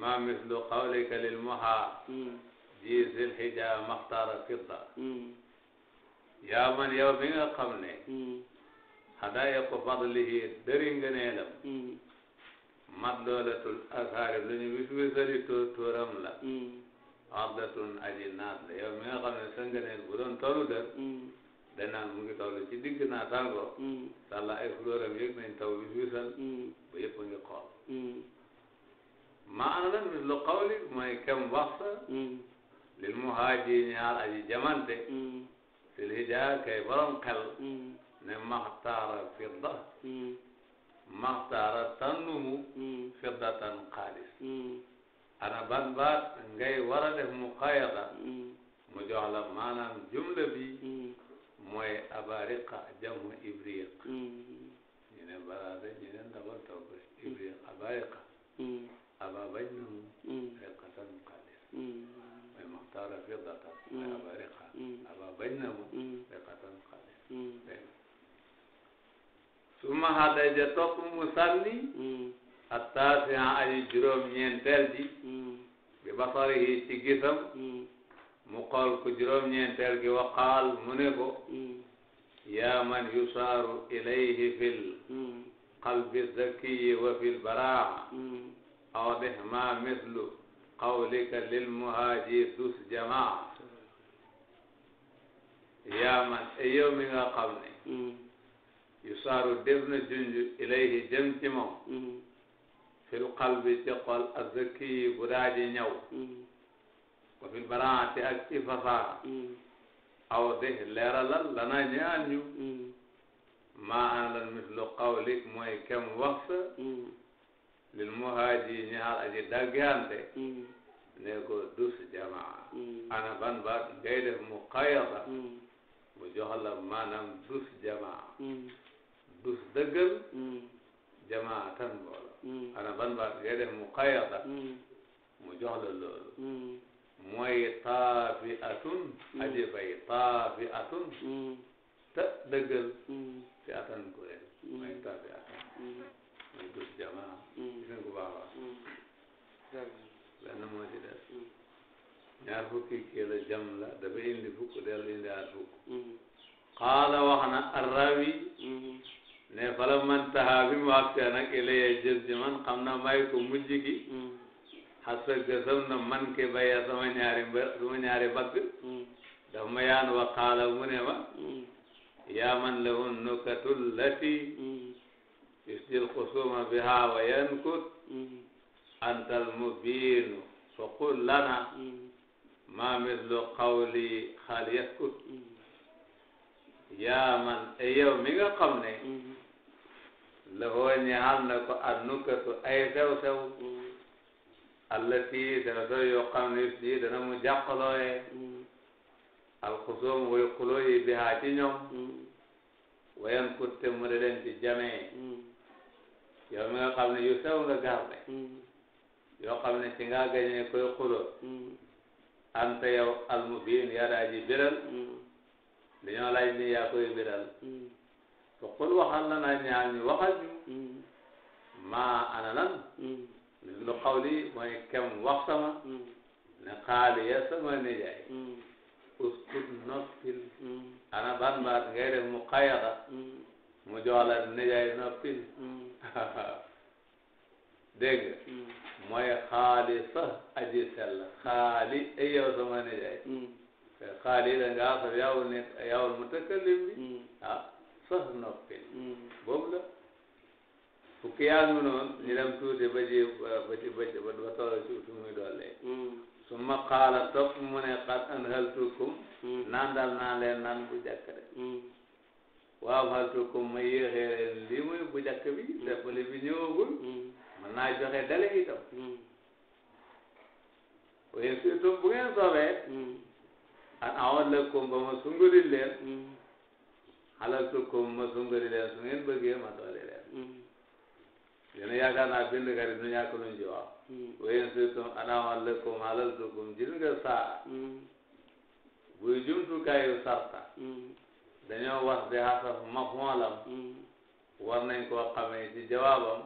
Speaker 2: ma mislu qawlika lil muha jiisil hija maxtara fidda yaa man yow mi nga xam ne hadaya ko fadlihi dëri ngëneelam mat doolatul asaari lu ñu wis wisali tóor tóoram la ardatun aji naat la yow mi nga xam ne sa ngëneel bu doon tollu dër danaan mu ngi toll ci digg naa tàngo sàlla ay flóoram yëg nañ taw wis wisal ba yëpp ngi xool maana lan mis lu qawli mooy kem wax sa lil muhaaji ñaar aji jamante tili jaa kay borom xel mm. ne maxtaara fidda mm. maxtaara tannumu mm. fidda tan xaalis ana ban baat ngay war a mu jox la maanaam jumla bi mooy abariqa jamu ibriq ñu ne baraade ñu ne ndabal togg ibriq abariqa aba bañ namu riqatan xaalis
Speaker 1: mooy
Speaker 2: maxtaara fidda tan mooy abariqa Mm. aba bañ na ma beqatan xale benn suma hadaja mu sànni mm. attaasin aji mm. mu xool ko juróom ñeenteel gi waqaal mu ne ko yaa man yusaaru ilayhi fil qalbi zakiyi wa fil baraa awdih ma mislu qawlika lil muhaji dus jamaa yaa e yow mi nga xam ne mm-hmm. yu saaru def na junju ilayhi jëm ci moom mm-hmm. fil qalbi ci xol azzakiyi bu daaji ñaw mm-hmm. wa fil baraati ak ci fasaara aw de leeralal lana ñaan ñu maa an lan mislu qawlik mooy kem wax sa lil muhaaji ñaar aji daggante ne ko dus jamaa ana ban baat ngay def muqayada mu jox la maanaam dus jamaa hmm. dus dëggal hmm. jamaa tan hmm. ana ban baat ngay def mu xayada mu jox la loolu mooy taafi atun aji fay taafi atun te dëggal fi atan dus jamaa gis nga ko baax
Speaker 1: a baax
Speaker 2: benn moo ñaar fukki kii la jam la dafa indi fukk dellu indi at fukk
Speaker 1: mm-hmm. qaala wax na arrawi mm-hmm.
Speaker 2: ne fala man taha bi mu waxtee nag ilaya jës ji man xam na may ko mujj gi xasa mm-hmm. gësam na man ke baya sama ñaari ba sama ñaari bagg daf ma yaan wa qaala mu ne ma yaa man lahu nukatu lati yusdil xusuma biha wa yankut antal mubiinu fa qul lana maa mislu qawli xaal yaskut yaa man e yow mi nga xam ne la hoo ñaxal na ko annukatu ay sew sew allati dana doy yoo xam si dana mu jàqalooye alxusoom way xuloo yi bi haa ci ñoom wayan kutte mu de leen ci yu sew nga garde mm. yoo xam ne ci nga gañee anta yow almubin yadaa ji biral mm. dañoo laaj ni yaa koy biral to mm. qul waxal la na ñaan ñu waxal mm. maa ana lan mislu qawli mooy kem wax sama ne xaali ya sama nijaay uskut noppil ana ban baat ngay def mu xayata mu jox la nijaay noppil dégg mooy xaali sax aji sell xaali ay yow sama nijaay mm. te xaali da ngaa xam yawul ne yawul mutakallim bi mm. ah sax noppi mm. boobu la fukki yaa ngi noonu ñu dem tuuti ba ji ba ji ba ji ba ba toll ci utu muy doole su ma xaala topp mu ne xat an hal tukum naan daal naan leen naan bu jàkk de waaw hal tukum ma yéexee leen lii mooy bu jàkk bi def bi ñëwagul mën naa joxe dale itam waaye hmm. surtout bu ngeen soobee an awoon la kum ba ma sunguri leen hmm. xalal su kum ma sunguri leen su ngeen bëggee ma doole leen hmm. yéen yaakaar naa bind kat yi du ñàkk luñ ci wax waaye surtout an awoon la kum xalal su kum gis nga saa buy jumtukaayu sarta dañoo wax di xasaf mafoolam war nañ koo xamee ci jawaabam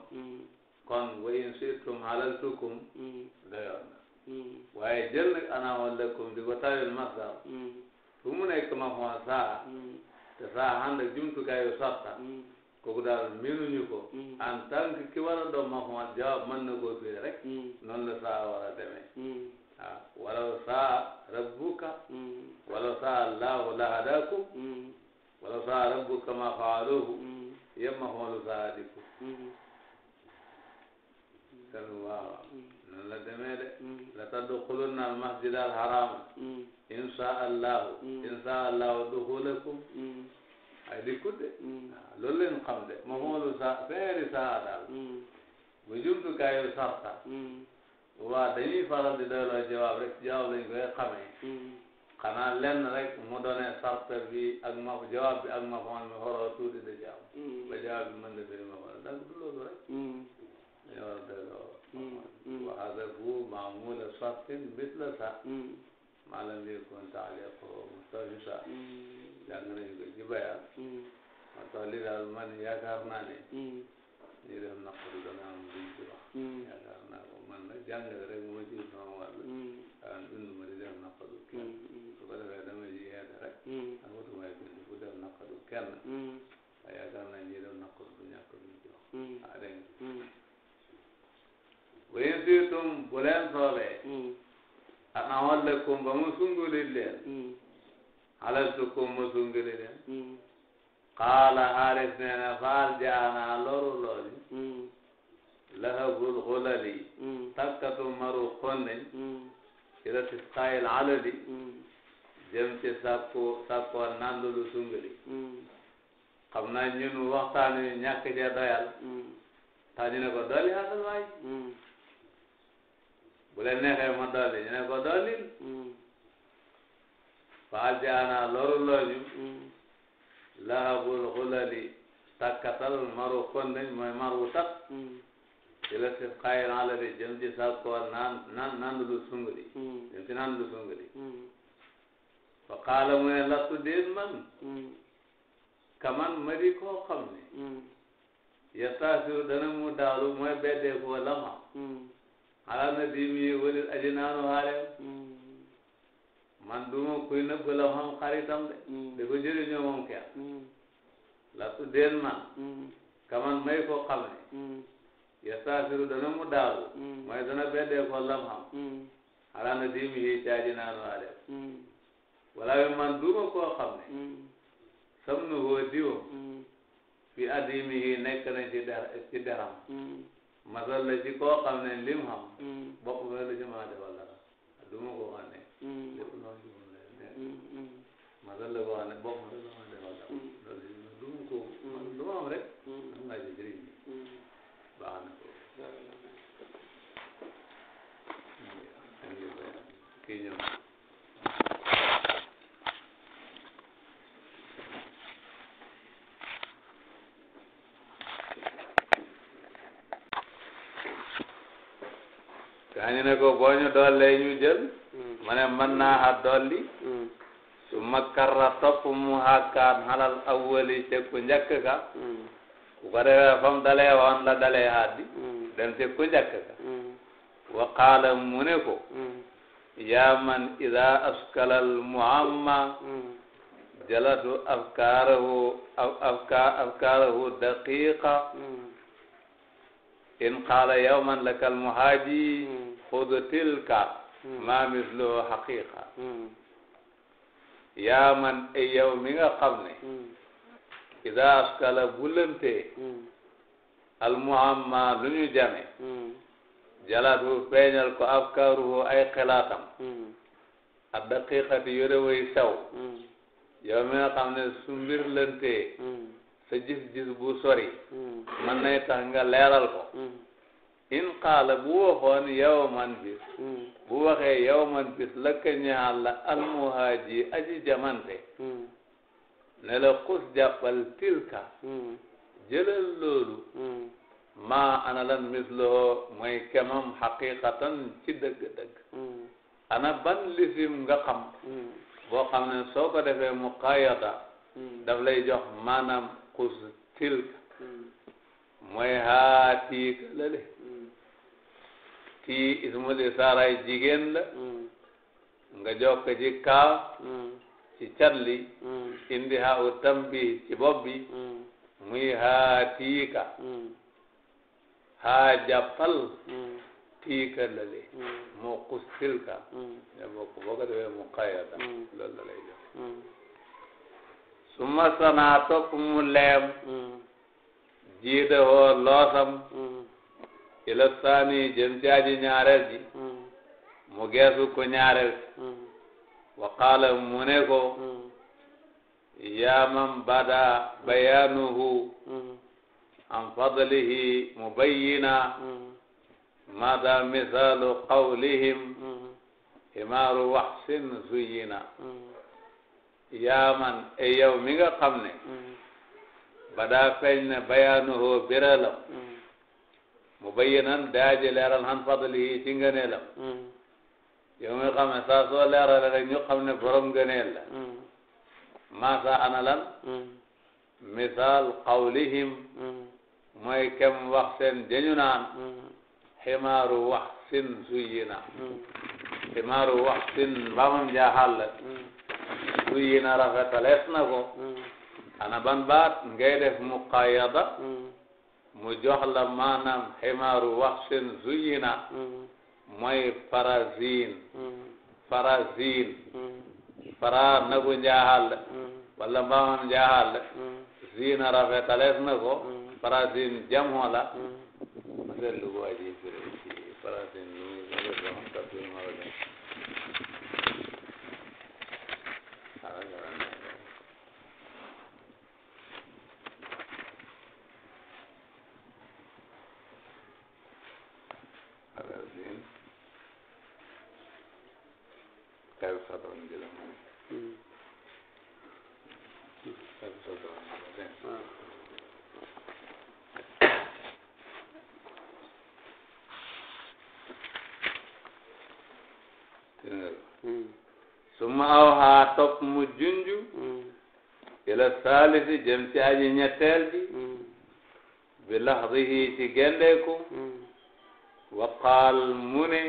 Speaker 2: kon wa in sirtum halaltukum dayoon na waaye jël nag ana walakum di ko tawil masdar fu mu nekk ma xoon saa te saa ànd ak jumtukaayu soxta kooku daal miinuñu ko en tant ki war a doon ma xoon jawaab mën na koo firi rek noonu la saa war a demee ah saa rabbuka walaw saa allahu la hadakum walaw saa rabbuka ma faaluhu yemma xoolu saa diku kan waaw noonu la demee de mm. la tadxulunna al masjid al haram mm. insha allahu mm. insha allahu duxulakum ay di kudde ah, loolu leen xam de ma moolu sa feeri saa daal bu jumtukaayu sarta waa dañuy faral di doyloo jawaab rek jawaab lañ koy xamee xanaa lenn rek mu doonee bi ak ma jawaab bi ak ma foon mi horoo tuuti de jaam ba jawaab bi mën na firi ma foon dag du loolu rek Hmm, hmm. wa hadafu maamula sartin misla sa maalam yakun taaliqu mustafisa jàng nañu ko ci bayaan ma tax li daal man yaakaar naa ne ñi def naqaru danga am luñ ci wax yaakaar naa ko man nag jàngale rek moo ci sama wàll daan dund ma di def naqaru kenn su ko defee dama ji yeete rek ak utumay bind bu def naqaru kenn waaye yaakaar naa ñi def naqaru du ñàkk luñ ci wax ah dégg nga wayin siitum bu leen soobee ana wallakum ba mu sungali leen halastukum mu sungali leen qaala Haaris nee na faal jaana loru loori lahabul xulali takkatu maru xonnañ ila tisqaayil alali jëm ci sakko sakko nandulu sungali xam naa ñun waxtaan wi ñàkk cee doyal tax ñu ne ko dool yaatal waay bu leen neexee ma dolli ñu ne ko dollil faa jaana loru looñu lahabul xulali takkatal maru kondañ mooy maru takk ci la si naa la di jëm ci sàkkoo naan naan naan lu sungri jëm ci naan lu sungri fa mu ne lastu déet man kaman ma di koo xam ne yestasiru dana mu daalu mooy beddee koo ala na di mi wëlil aji naanu xaarem man du ma kuy nëbb la xam xaritam de da ko jëriñoo moom kenn la tuddeen man kaman may ko xam ne yastaasiru dana mu daalu mooy dana beddee ko lam xam ala na di mi ci aji naanu xaarem wala wi man du ma koo xam ne sam nu woo diwam fi adimi nekk na ci der ci deram masal la ci koo xam ne lim xam bopp ba la ci mën a defal dara du ma ko xam ne
Speaker 1: mm. lépp loo ci mën a def mm, mm. masal la koo xam ne bopp ba
Speaker 2: la mën a defal dara loolu du ma ko lu ma am rek am naa ci jëriñ bi baax na ko kii ñëw gaañu ne ko boo ñu dollee jël. Mm. ma ne mën naa ha dolli. Mm. su ma karra topp mu hakkaan halal awwali ca ku njëkk ka. ku mm. fam dalee woon la dalee haddi. dem ca ku wa qaala mu ne ko. yaa man ida askalal muhamma. jalatu afkaarahu afkaarahu daqiqa. in qaala yawman lakal muhaaji xud tilka maa misloo xaqiqa yaa man yow mi nga xam ne ida askala bullantee almuhamma lu ñu jame jalaatu feeñal ko afkaaruhu ay xelaatam ak daqiqati yore way sew yow mi xam ne su sa gis-gis bu sori mën nay tax leeral ko in qaala bu waxoon yawman bis hmm. bu waxee yawman bis lakka ñaal la almuhaaji aji jamante hmm. ne la xus jàppal tilka hmm. jëlal loolu maa ana lan misloo mooy kemam xaqiqatan ci dëgg-dëgg ana ban lisim nga xam boo xam ne soo ko defee muqayada daf lay jox maanaam xus tilka mooy haatiika lale kii ismu di saaray jigéen la hmm. nga jokk ci kaaf hmm. ci catli hmm. indi haa u ci bopp bi muy haa tiika haa jàppal tiika lale moo kustilka ya bokk boo ko defee mu xayata loolu la lay jox su ma sanaa topp mu leem jiida hoo loosam ila saani jëm caaji ñaareel ji mu geesu ko ñaareel wa qaala mu ne ko yaa man bada bayaanuhu an fadlihi mubayyina maada misaalu qawlihim himaaru waxsin zuyina yaa man e yow mi nga xam ne bada feeñ ne bayaanuhu biralam mubayyanan daa ji leeral han fadlihi ci ngëneelam yow mi xam ne saa soo leerale rek ñu xam ne borom ngëneel la qawlihim mooy kem wax seen jañu naan wax sin suyi na wax sin mbaamam jaaxal la suyi na rafetalees na ko ana ban baat ngay def muqayada mu jox la maanaam ximaaru wax zuyina mm-hmm. mooy farazin mm-hmm. farazin mm-hmm. fara na ko njaaxal wala mbaamam njaaxal zina rafetalees na ko farazin jamoo la ma seetlu ko aji summa aw haa topp mu junju mm. ila saalisi jëm ci aji ñetteel ji mm. bi laxdihi ci gendeeku mm. wa qaal mu ne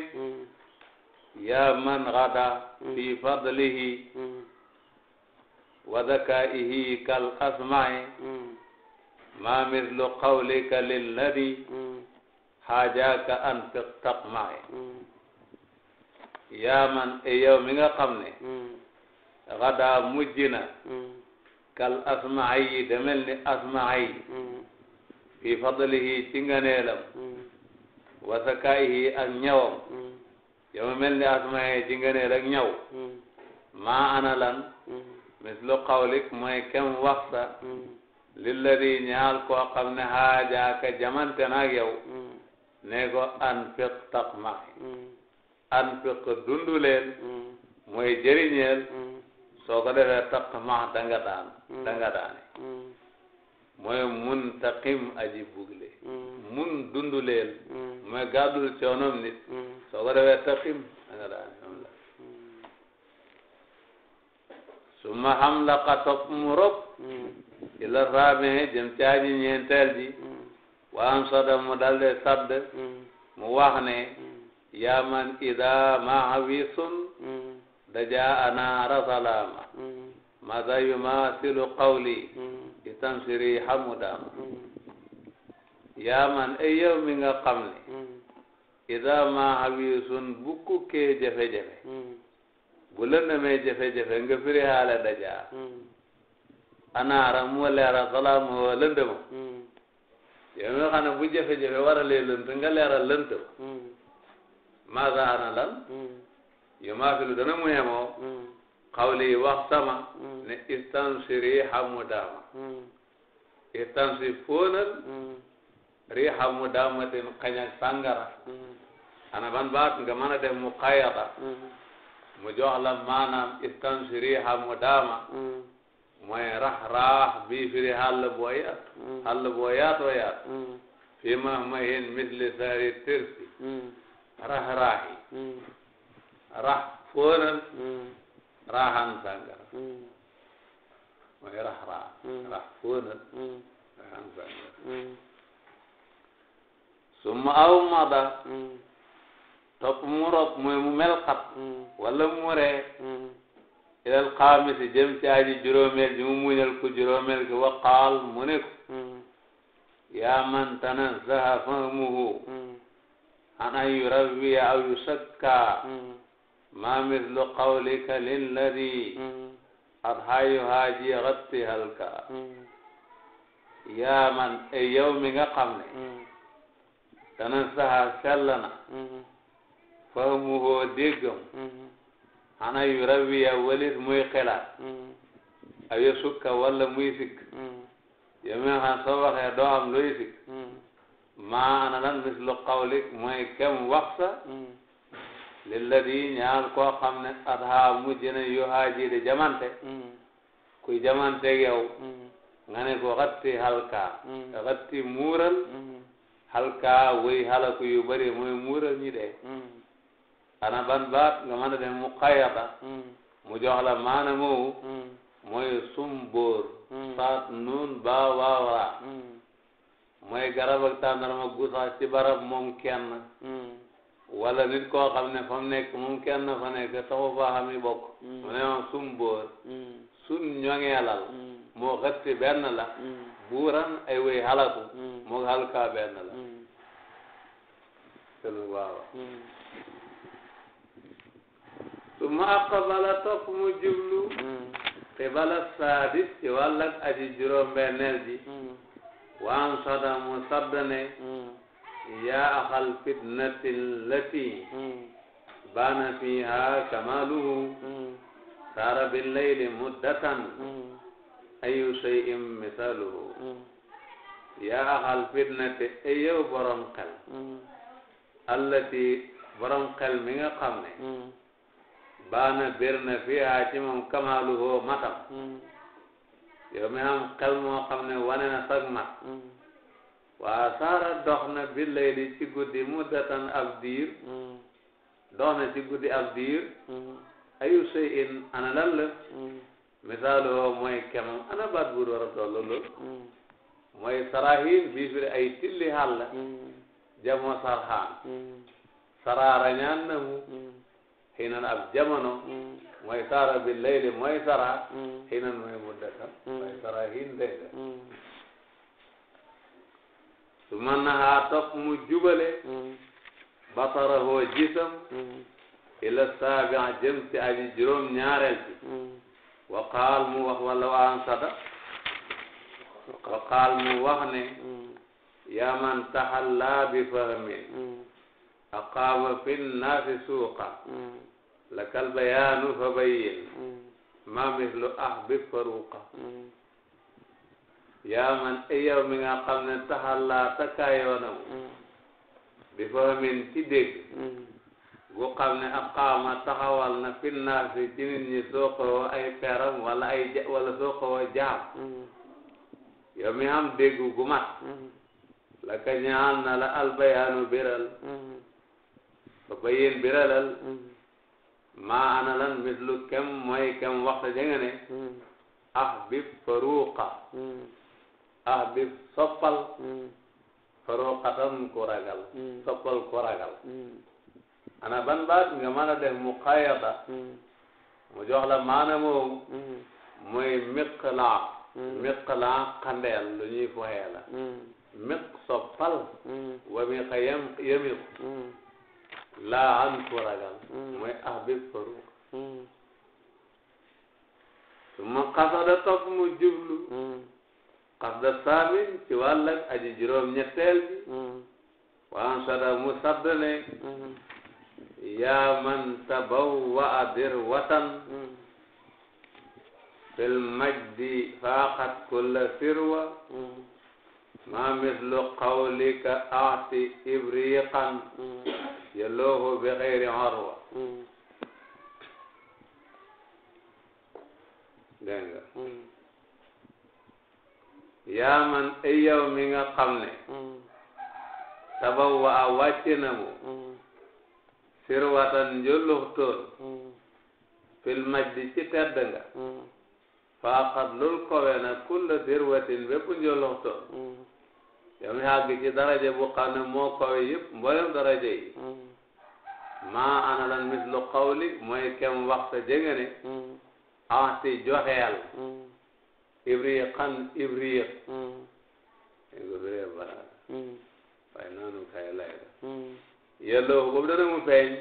Speaker 2: yaa man gada fi fadlihi wa dakaihi kal asmai ma mislu qawlika lilladi xaajaaka an fiq taqmai yaa man e yow mi nga xam ne xadaa mujj na hmm. kal asmaay yi demel ni asmaay hmm. fi fadlihi ci nganeelam
Speaker 1: hmm.
Speaker 2: ak ñawam
Speaker 1: yama mel ni asmaay ci nganeel ak ñaw maa ana lan
Speaker 2: mislu mooy kem wax sa lilladi ñaal koo xam ne jamante naag yow ne ko anfiq taq maxi anfiq dundu leen mooy jëriñeel soo ko defee taq ma danga daan mm. danga daane mm. mooy mun taqim aji bugle mm. mun dunduleel mooy gàddul coonoom nit soo ko defee taqim danga daane suma xam la ka topp mu rob ila raamee jëm ci ñeenteel ji waam sada mu dalde sadd mu wax ne yaa man ida maa hawisun dajaana rasalama mada yumasilu qawli itamsiri hamudama yaa man ay yow mi nga xam ne ida ma hawisun bu kukkee jafe-jafe bu lëndamee jafe nga firi haale dajaa anaara mu leeral salaama wa lëndama yow mi nga xam ne bu jafe-jafe nga leeral lënt ma maasa ana lan
Speaker 1: yu maa fi lu dana mu yemoo
Speaker 2: xawli wax sama ne istansi riixa mu daama istansi fóonal riixa mu daamatin xañ ak sàngara ana ban baat nga mën a def mu xayata mu jox la maanaam istansi riixa mu daama mooy rax raax bii firi xàll boo yaatu xàll boo yaatoo yaatu fii ma misli saari tërsi rax raaxi rax foonal hmm. raxaan sàngara hmm. mooy rax rax hmm. rax foonal raxaan sàngara summa aw mada topp mu rob mu mel xat mu ree ilal xaamisi jëm ci aji juróomeel ji mu muñal ko juróomeel gi waqaal mu ne
Speaker 1: ko
Speaker 2: man tanazzaha fahmuhu an an aw yusakka ma mislu qawlika lilladi adhayuha ji rabti halka yaa man ay yow mi nga xam ne dana saha sellana fahmuhoo déggam xana yu rawiya walis muy xelaat ayo sukka walla muy sikk yow mi nga xam soo waxee doo am looy sikk maa ana lan mislu qawlik mooy kem wax sa lilladi ñaal koo xam ne adha mujj na yu haaji di jamante mm. kuy jamante yow mm. nga ne ko halka xatti mm. muural halka way halaku yu bari mooy muural ñi de ana ban baat nga mën a dem mu xayata mu jox la maana moowu mooy sumbóor saat nuun baa waawaa mooy garab ak tàndarma gu sax ci barab moom wala nit koo xam ne fa mu nekk moom kenn fa nekk taxu faa mm. ne ma sum boor mm. sun ñoŋeelal mm. moo xëtti benn la buuran ay way xalaku moo xalkaa benn la selu waawa su ma aqbala topp mu jublu xibala saadis ci wàllak aji juróom benneel ji saddane yaa axal fitnatin lati hmm. baana fiha kamaluhu hmm. saara billayli muddatan hmm. ayu shay'in misaluhu yaa axal fitnati ayow borom xel allati borom xel mi nga xam ne baana bir na fiha ci moom kamaluhu matam yow mi am xel moo xam ne wane na sag mat waa saara dox na bi lay di ci guddi muddatan ab diir hmm. dox na ci guddi ab diir hmm. ayu sey ana lan la hmm. misaalu woo mooy kemam ana baat bu war a toll la mooy sarahin bii firi ay tilli xàll jamoo sarxaan saraara ñaan na mu xiinan ab jamono mooy saara bi lay di mooy sara xiinan mooy muddatan mooy sarahin day la su ma naxaa topp mu jubale mm. basarahoo gisam mm. ila saabian jëm ci aji juróom ñaareel ci mm. wa qaal mu wax wala waan sada wa qaal mu wax ne yaa man taxallaa bi fahmin aqaama fi nnaasi suuqa lakal bayaanu fa bayyin ma mislu ahbi faruqa yaa man ay e yow mi nga xam ne taxallaa takkaayoonam bi fahmin ci dégg gu xam ne aqaama taxawal na finnaasi ci nit ñi sooqowoo ay peram wala ay wala sooqowoo jaam yow mi am dégg gu mat la ka na la albayaanu biral ba bayin biralal maa ana lan mislu kem mooy kem waxta jënga ne mm. ah bi faruqa ahbib soppal faruqatan hmm. ku ragal hmm. soppal ku hmm. ana ban baat nga mën a def mu jox la maana moom mooy miqlaq miqlaq xandeel lu ñuy foyee la soppal wa miqa yem yemiq laa an ku ragal mooy ahbib faruq su ma topp mu jublu xasda saamin ci wàllak aji juróom ñetteel bi hmm. waan sada mu saddane hmm. yaa man tabawwa dir watan hmm. fil majdi faaqat kulla sirwa ma mislu qawlika aati ibriqan yaloohu bi xeyri orwa dégg nga yaa man ay yow mi nga xam ne mm. tabaw waa wàcce na mu sirwatan mm. njollox toon mm. fil majdi ci tedd nga faaxat lul kowe na kulla dirwatin bépp njollox toon yow mi ci daraje bu xam ne moo kowe yëpp mboolem daraje yi maa ana lan mislu qawli mooy kem wax sa jëngane axti joxeel ibriqan ibriq en ko bire barada waaye noonu kay hmm. lay la yelloo mu feeñ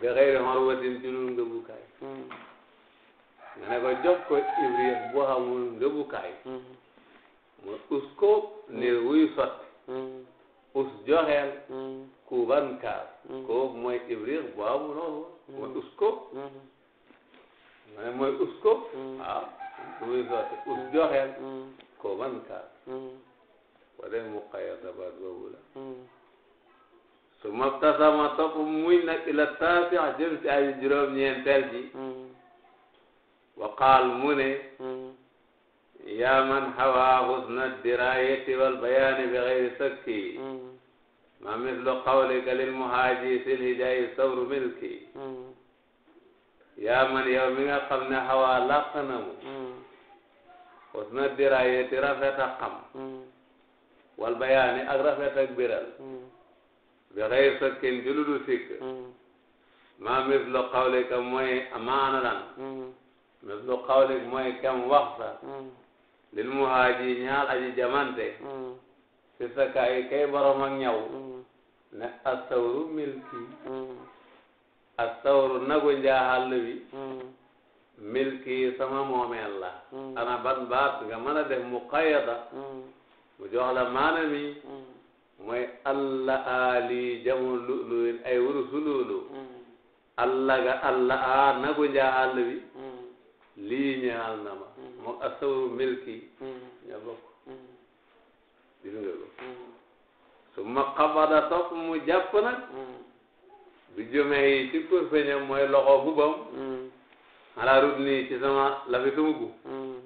Speaker 2: bi xeyri xorwatin ci lul ngëbukaay hmm. nga ko jox ko ibriq boo xamul ngëbukaay mu us hmm. ko ne us joxeel kuban kaar kooku mooy ibriq boo xamul xorwa mooy us ko mooy us ah. muy sotti us joxeel ko man ka wala mu xaya dabaat boobu la
Speaker 1: su maftasama
Speaker 2: topp muy nag ila taasi jëm ci ay juróom ñeenteel ji mm. waqaal mu ne mm. yaa man hawa husna dirayati wal bayaani bi xayri sakki mm. ma mislu qawlika lil muhaajisi l hijaayi sabru milki yaa man yow mi nga xam ne xawaa làq na mu mm. xus na diraayeti rafet a xam mm. wal bayaani ak rafet ak biral mm. bi xëy sokkin ci lu du sikk maa mislu xawlika mooy amaana lan mislu xawlik mooy kam wax sa lil muhaaji ñaal aji jamante si sa kaay kay borom ak ñaw ne asawru milki asawru nagu njaaxal bi. Hmm. milki sama moomeel la. Hmm. ana ban baat nga mën a def hmm. mu jox la maana mi. mooy allah aali jamu lu'lu'in ay wuru sululu. allah ga allah a nagu njaaxal bi.
Speaker 1: lii ñaal na ma. mu asawru milki. ña bokk.
Speaker 2: gis nga topp mu jàpp nag. bi jumee ci kurpeñam mooy loxo gubam xalaa mm. rut nii ci sama lafi sama gub mm.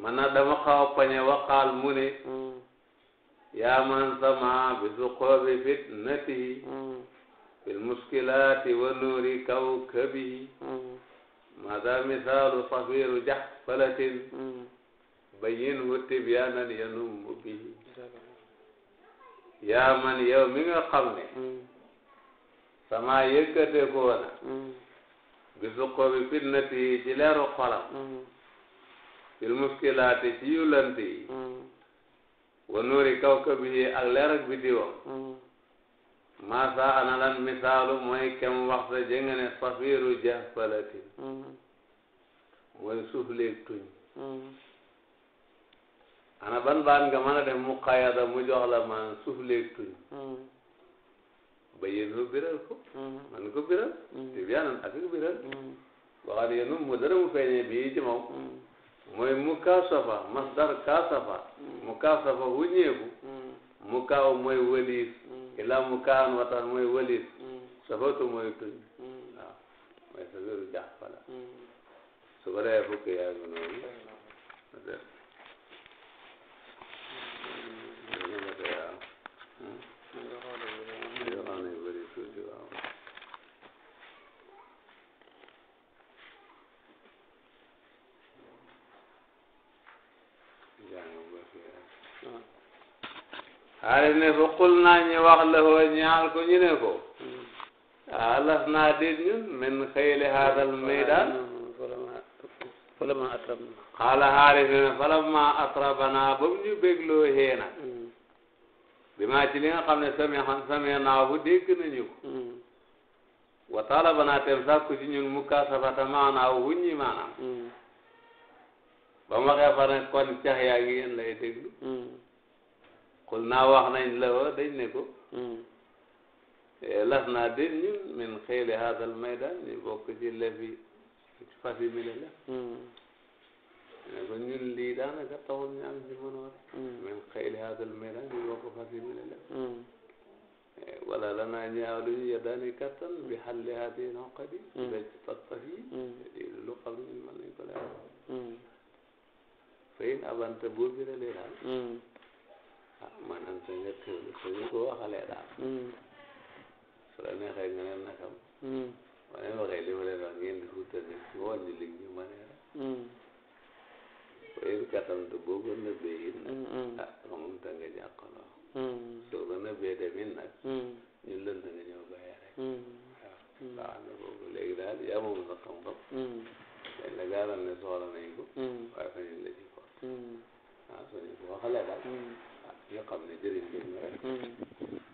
Speaker 2: man na dama xaw a pañe waxaal mu ne mm. yaa man sama bi su xoobi fitnatihi fil muskilaati wa nuuri kawkabihi maada misaalu safiru jax falatin bayinhu tibyaanan yanummu bihi yaa man yow mi nga xam ne sama yëkkate koo na mm. bisu ko bi fitnati yi ci leeru xolam mm. fil muskilaati ci yulanti yi mm. wa nuuri kawkabi yi ak leer ak bidiwam masa ana lan misaalu mooy kem waxta jënga ne safiiru palatin mooy suuf léeg tuñ ana ban baan nga mën a def mu jox la maan suuf léeg bayyinhu biral ko man ko biral tibyaanan ak biral waxal yéen mu dara mu feeñee bii ci moom mooy mukaasafa masdar kaasafa mukaasafa wuñeeku
Speaker 1: mu kaaw mooy wëliis ilaa mu kaan watan mooy wëliis safatu mooy tuñ
Speaker 2: waaw mooy safiru jaxfala su ko defee fukki yaa ngi xaalis ne fa qul naa ñu wax la ko ñaal ko ñu ne ko alas naa déet ñun min xëyli haadal maydaan falama atrabna xaala xaalis ne falama atrabana ba mu ñu bégloo xeena bi maa ci li nga xam ne sami sami naa bu dégg nañu ko wa talabana tem sàkku ci ñun mukaasafata maanaa wuññi maanaam ba mu waxee fa kon cax yaa ngi yéen lay déglu xul naa wax nañ la wa ne ko hmm. eh, las naa déet ñun min xëyli haasal maydan ñu ci lefi fas yi mi le lef ne ko ñun lii daanaka taxul ñu
Speaker 1: am ci mënoore
Speaker 2: hmm. min xëyli haasal maydan ñu bokk fas yi mi le lef hmm. eh, wala lanaa ñaaw lu ñu yeddaani kattan bi xalli haadihi noqadi dañ ci pas-pas yi eh, lu xam ñun mën nañ ko leeral fayin abante boo biralee daal ah maanaam su ñu teewlu su ñu ko waxalee daal. Hmm. su la neexee nga ne nakam. ma hmm. ne waxee li ma leen wax ngeen di wutale ci woon ni li ñu ma ne la. waaye hmm. katam te boo ko nëbbee it nag. ah moom te nga jàkkaloo. soo ko nëbbee tamit nag. ñu lënd nga ñëw bàyyi rek. waaw baax na boobu léegi daal yaa moom sa xam-xam. dañ la gaaral ne soxla nañ ko. waaye fa ñu la ci ko. ah soo ñu ko waxalee daal. yoo xam ne jëriñ bi ñu rek. Hmm.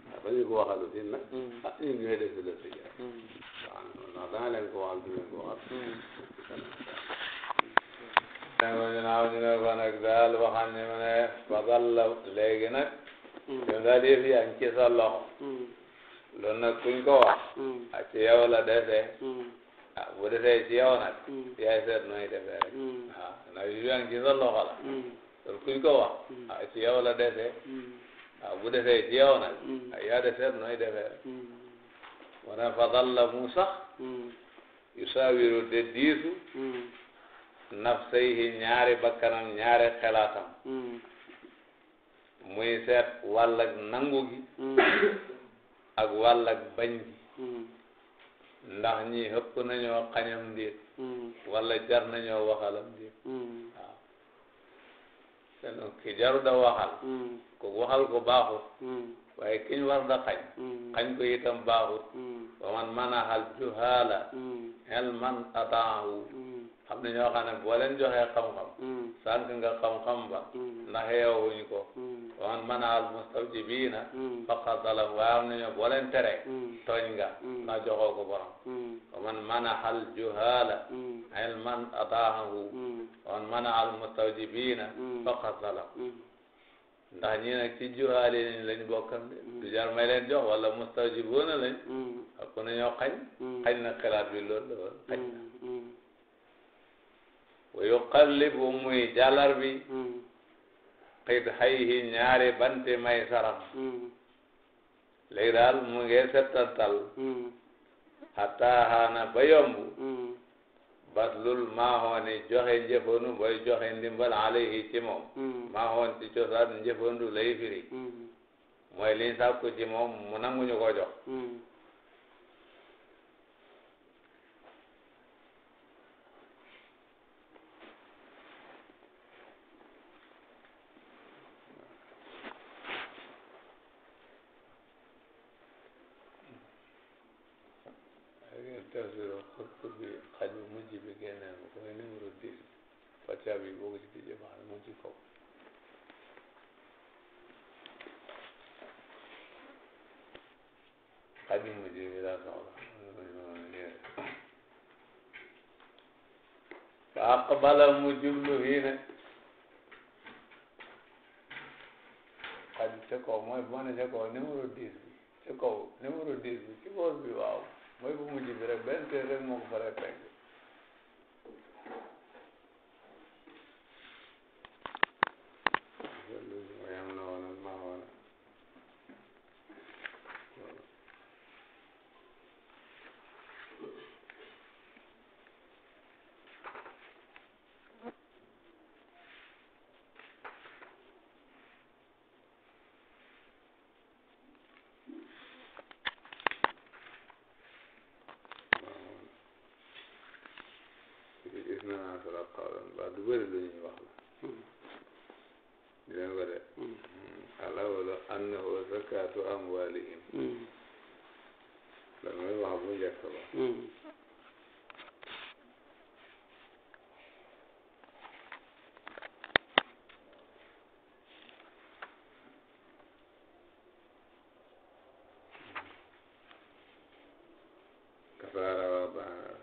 Speaker 2: waaw ba ñu ko waxalu fi nag. Hmm. ah ñun ñooy def si la si rek. Hmm. waaw ndax dana leen ko waxal du leen ko waxal. waaw ginnaaw ñu ne ko nag daal waxaan ne ma ne Fadal la léegi nag. ñun daal yëf yi añ ci sa loxo. loolu nag kuñ ko wax. ah ci yow la desee. ah bu desee ci yow nag. yaay seet nooy defee rek. waaw ah, ndax yëf yi añ ci sa loxo la. loolu ko wax ah ci yow la desee waaw bu desee ci yow nag ah yaa desee nooy defee
Speaker 1: mu
Speaker 2: ne fa dalla mu sax yusaawiru de diisu nafsayhi ñaari bakkanam ñaari xelaatam muy seet wàll ak ak wàll ak ndax ñi hëpp nañoo xañam ndiit wala jar nañoo waxalam ndiit ki jaru da waxal hmm. ko waxal ko baaxut hmm. waaye ki ñu war da xañ hmm. xañ ko itam baaxut wa man manahal juhaala elman ataahu xam ne ñoo xam ne boo leen joxee xam-xam sànq nga xam-xam ba ndax yeewuñ ko waman mana al mustawjibina mm. faqad zalam waaw am nañu boo leen tere mm. tooñ nga mm. na joxoo ko borom waman mana al juhala ilman ataahu waman mana al mustawjibina faqad zalam ndax ñi nag ci juhaal yi lañ lañ bokkam de du jar may leen jox wala mustawjibuuna lañ ku ne ñoo xañ xañ na xalaat bi loolu la woon xañ na wa yuqallibu muy jàllar bi xit xayhi ñaari banti may saram léegi daal mu ngi settantal hatta haana ba yomb batlul maahooni joxe njëfandu mooy joxe ndimbal alayhi ci moom maahoon ci cosaan njëfandu lay firi mooy liñ sàkku ci moom mu nanguñu ko jox
Speaker 1: aqbala
Speaker 2: mu jublu hiine xaju ca kaw mooy bu ma ne ca kaw numéro dix bi ca kaw numéro dix bi mooy bu mujj bi rek benn tee rek moo ko fa rek rek
Speaker 1: أثار وبهر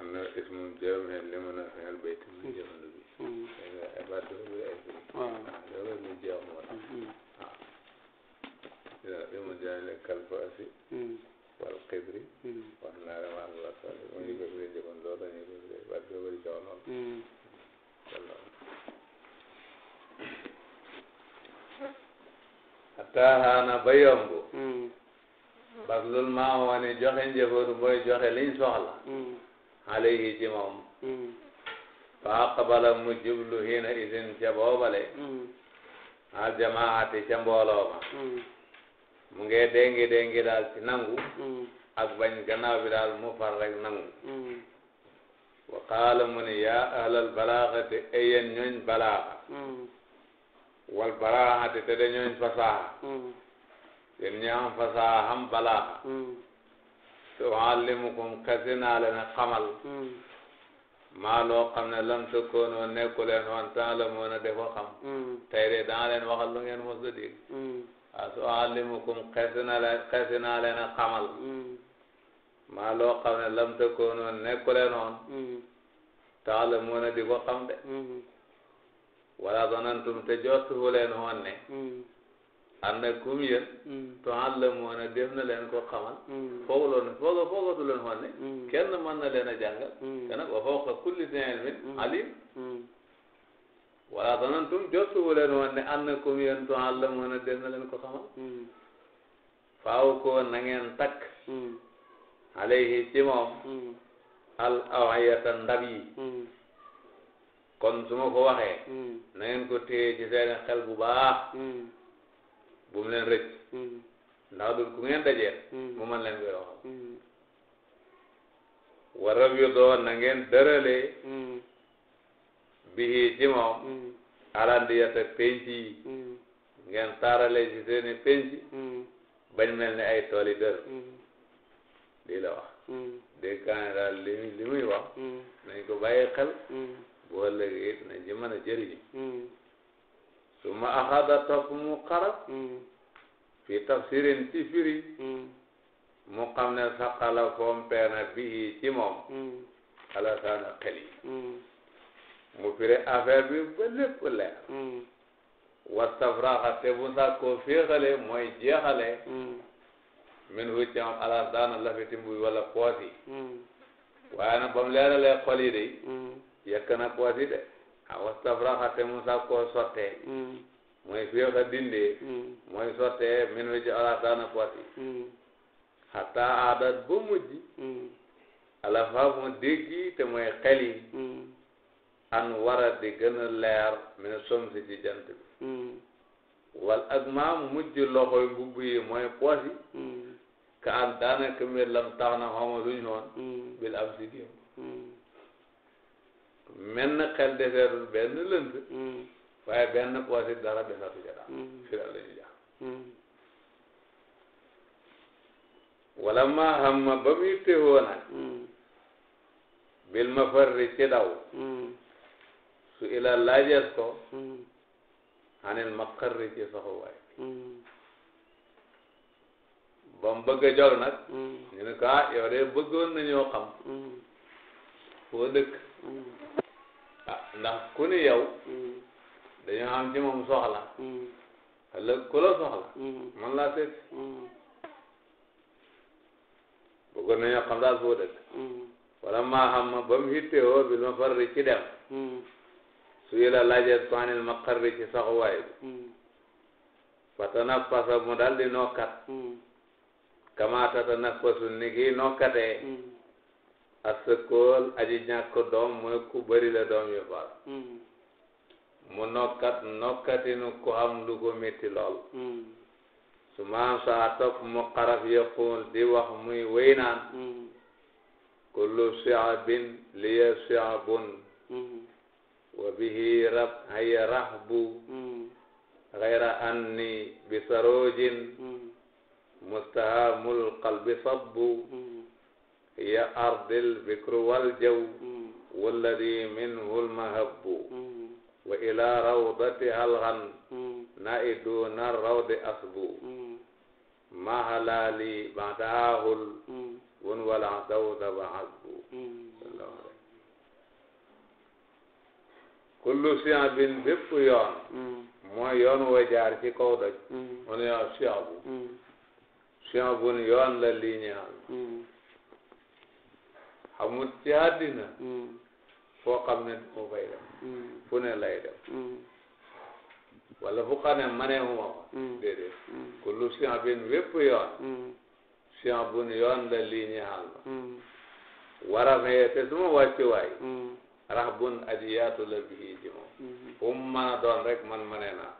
Speaker 2: am na ismu jaamee li mën a fayal bayt mu jamono bi hmm. baat bi muy egg. loolu muy jeex moo tax. waaw li mu jaayee kalbaasi. wal xibri. wax naa la maa ngi la ko waxee moom ñu ko bëggee jëfandikoo loolu la ñuy bëggee baat bi muy jox noonu.
Speaker 1: taxaana ba yomb
Speaker 2: parce que loolu maa wane joxe njëfaru mooy joxe liñ soxla alayhi ci moom fa aqbala mu jublu hina izin ca boobale al jamaati ca mbooloo ma mu ngi dengi dengi daal ci nangu ak bañ gannaaw bi daal mu far nangu wa mu ne yaa ahlal balaagati ayeen ñooñ balaaga wal baraahati te de ñooñ fasaha yéen ñi am fasaha am balaaga tuallimukum kasi naa leen xamal maa loo xam ne lam sukkoonoo nekku leen woon temps la mën a mm. de danga leen waxal lu ngeen mos a dégg mm. waa su allimukum xesi na leen xesi naa leen a xamal mm. maa loo xam ne lam sukkoonoo nekku leen woon temps la mën a di ko xam de wala zanantum te jottuhu leen woon ne ànd ak kum yéen. Mm. tuuxaan la def na leen ko xamal. foofu la woon foofu foogatu leen wane. Mm. kenn mën na leen a jàngal. Mm. te nag wa fawqa kulli zi ilmin alim. wala zanantum jotu wu leen wane ànd ak kum yéen tuuxaan la mu def na leen ko xamal. faaw ko nangeen ngeen takk. alayhi al awayata ndab yi. kon su ma ko waxee. na ko téye ci seen xel bu bu mu leen rëcc mm-hmm. ndax dul ku ngeen dajeel mm-hmm. mu mën leen koy
Speaker 1: waxal mm-hmm.
Speaker 2: warab yu doo na ngeen dëralee bii ci moom arandiyata penc yi ngeen taaralee ci seeni penc bañ mel ne ay tooli dër lii la wax dégg kaan daal li li muy wax nañ ko bàyyi xel bu ëllëgee it nañ ci mën a jëriñu suma axada topp mu xarab fi tafsirin ci firi mu xam ne saqala pompeena bii ci moom alasaana xel mu firi affaire bi ba lépp leer wastafraxa te bu sàkkoo féexale mooy jeexale min hu ci am alasaana lafiti mbuy wala poos yi waaye ba mu leeralee xol yi de yekk na poos de wastabraxa te mu sàkkoo sottee mooy fiyo ka dindee mooy sottee min wi joola daana poti xataa aadat ba mujj ala faamu déggi te mooy xel an wara di gën a leer min somsi jant wal ak maam mujj loxoy mbubb yi mooy poos yi ka an daana këmir lam tax na xawma luñ woon bil am
Speaker 1: menn xel deseetul
Speaker 2: benn lënd hmm. waaye benn poosi dara desatu ca daal hmm. fi daal la ñu jàpp hmm. wala ma xam ma ba muy téwoo nag bil ma farri ci daw su ila laajees ko xanil ma xarri ci soxuwaay ba mu bëgg a jog nag ñu ne ko ah yow de bëggoon nañoo xam foo ah ndax ku ni yow. dañoo am moom soxla. ëllëg ku la soxla. man laa seet. bëggoon nañoo xam daal foo dëkk. wala maa xam ma ba mu hittewoo bi ma farri ci dem. su yéla laajee su anil ma xarri ci saxuwaay bi. fatana fasa mu daal di nokkat. Mm. kama tata naffasu ni kii nokkatee. asëkool aji ñàkk doom mooy ku bëri la doom yu far mm. mu nokkat nokkatinu ku am lu ko métti mm. su maan saa topp mu xaraf yaqul di wax muy wéy naan mm. kullu siabin liya siabun wa bihi rab haya rahbu anni bi sarojin mustahamul qalbi sabbu hiya ardil bikru wal jaw walladi minhu almahabbu wa ila rawdatiha alghan naiduna rawdi asbu ma halali ba'dahul wun wala dawda wa hasbu kullu siyan bin bépp yoon mooy yoon wa jaar ci kaw doj mu ne siyan bu siyan bun yoon la liñaan amul ci àddina mm. foo xam ne moo fay dem mm. ne lay dem mm. wala fu xam ne manee huma ko
Speaker 1: déedéet ku lu sien bin wépp
Speaker 2: yoon sien bun yoon la lii ñaal ma waramee te suma wàccu waay rax bun aji yaatu la bii ji mu mën a doon rek man manee naa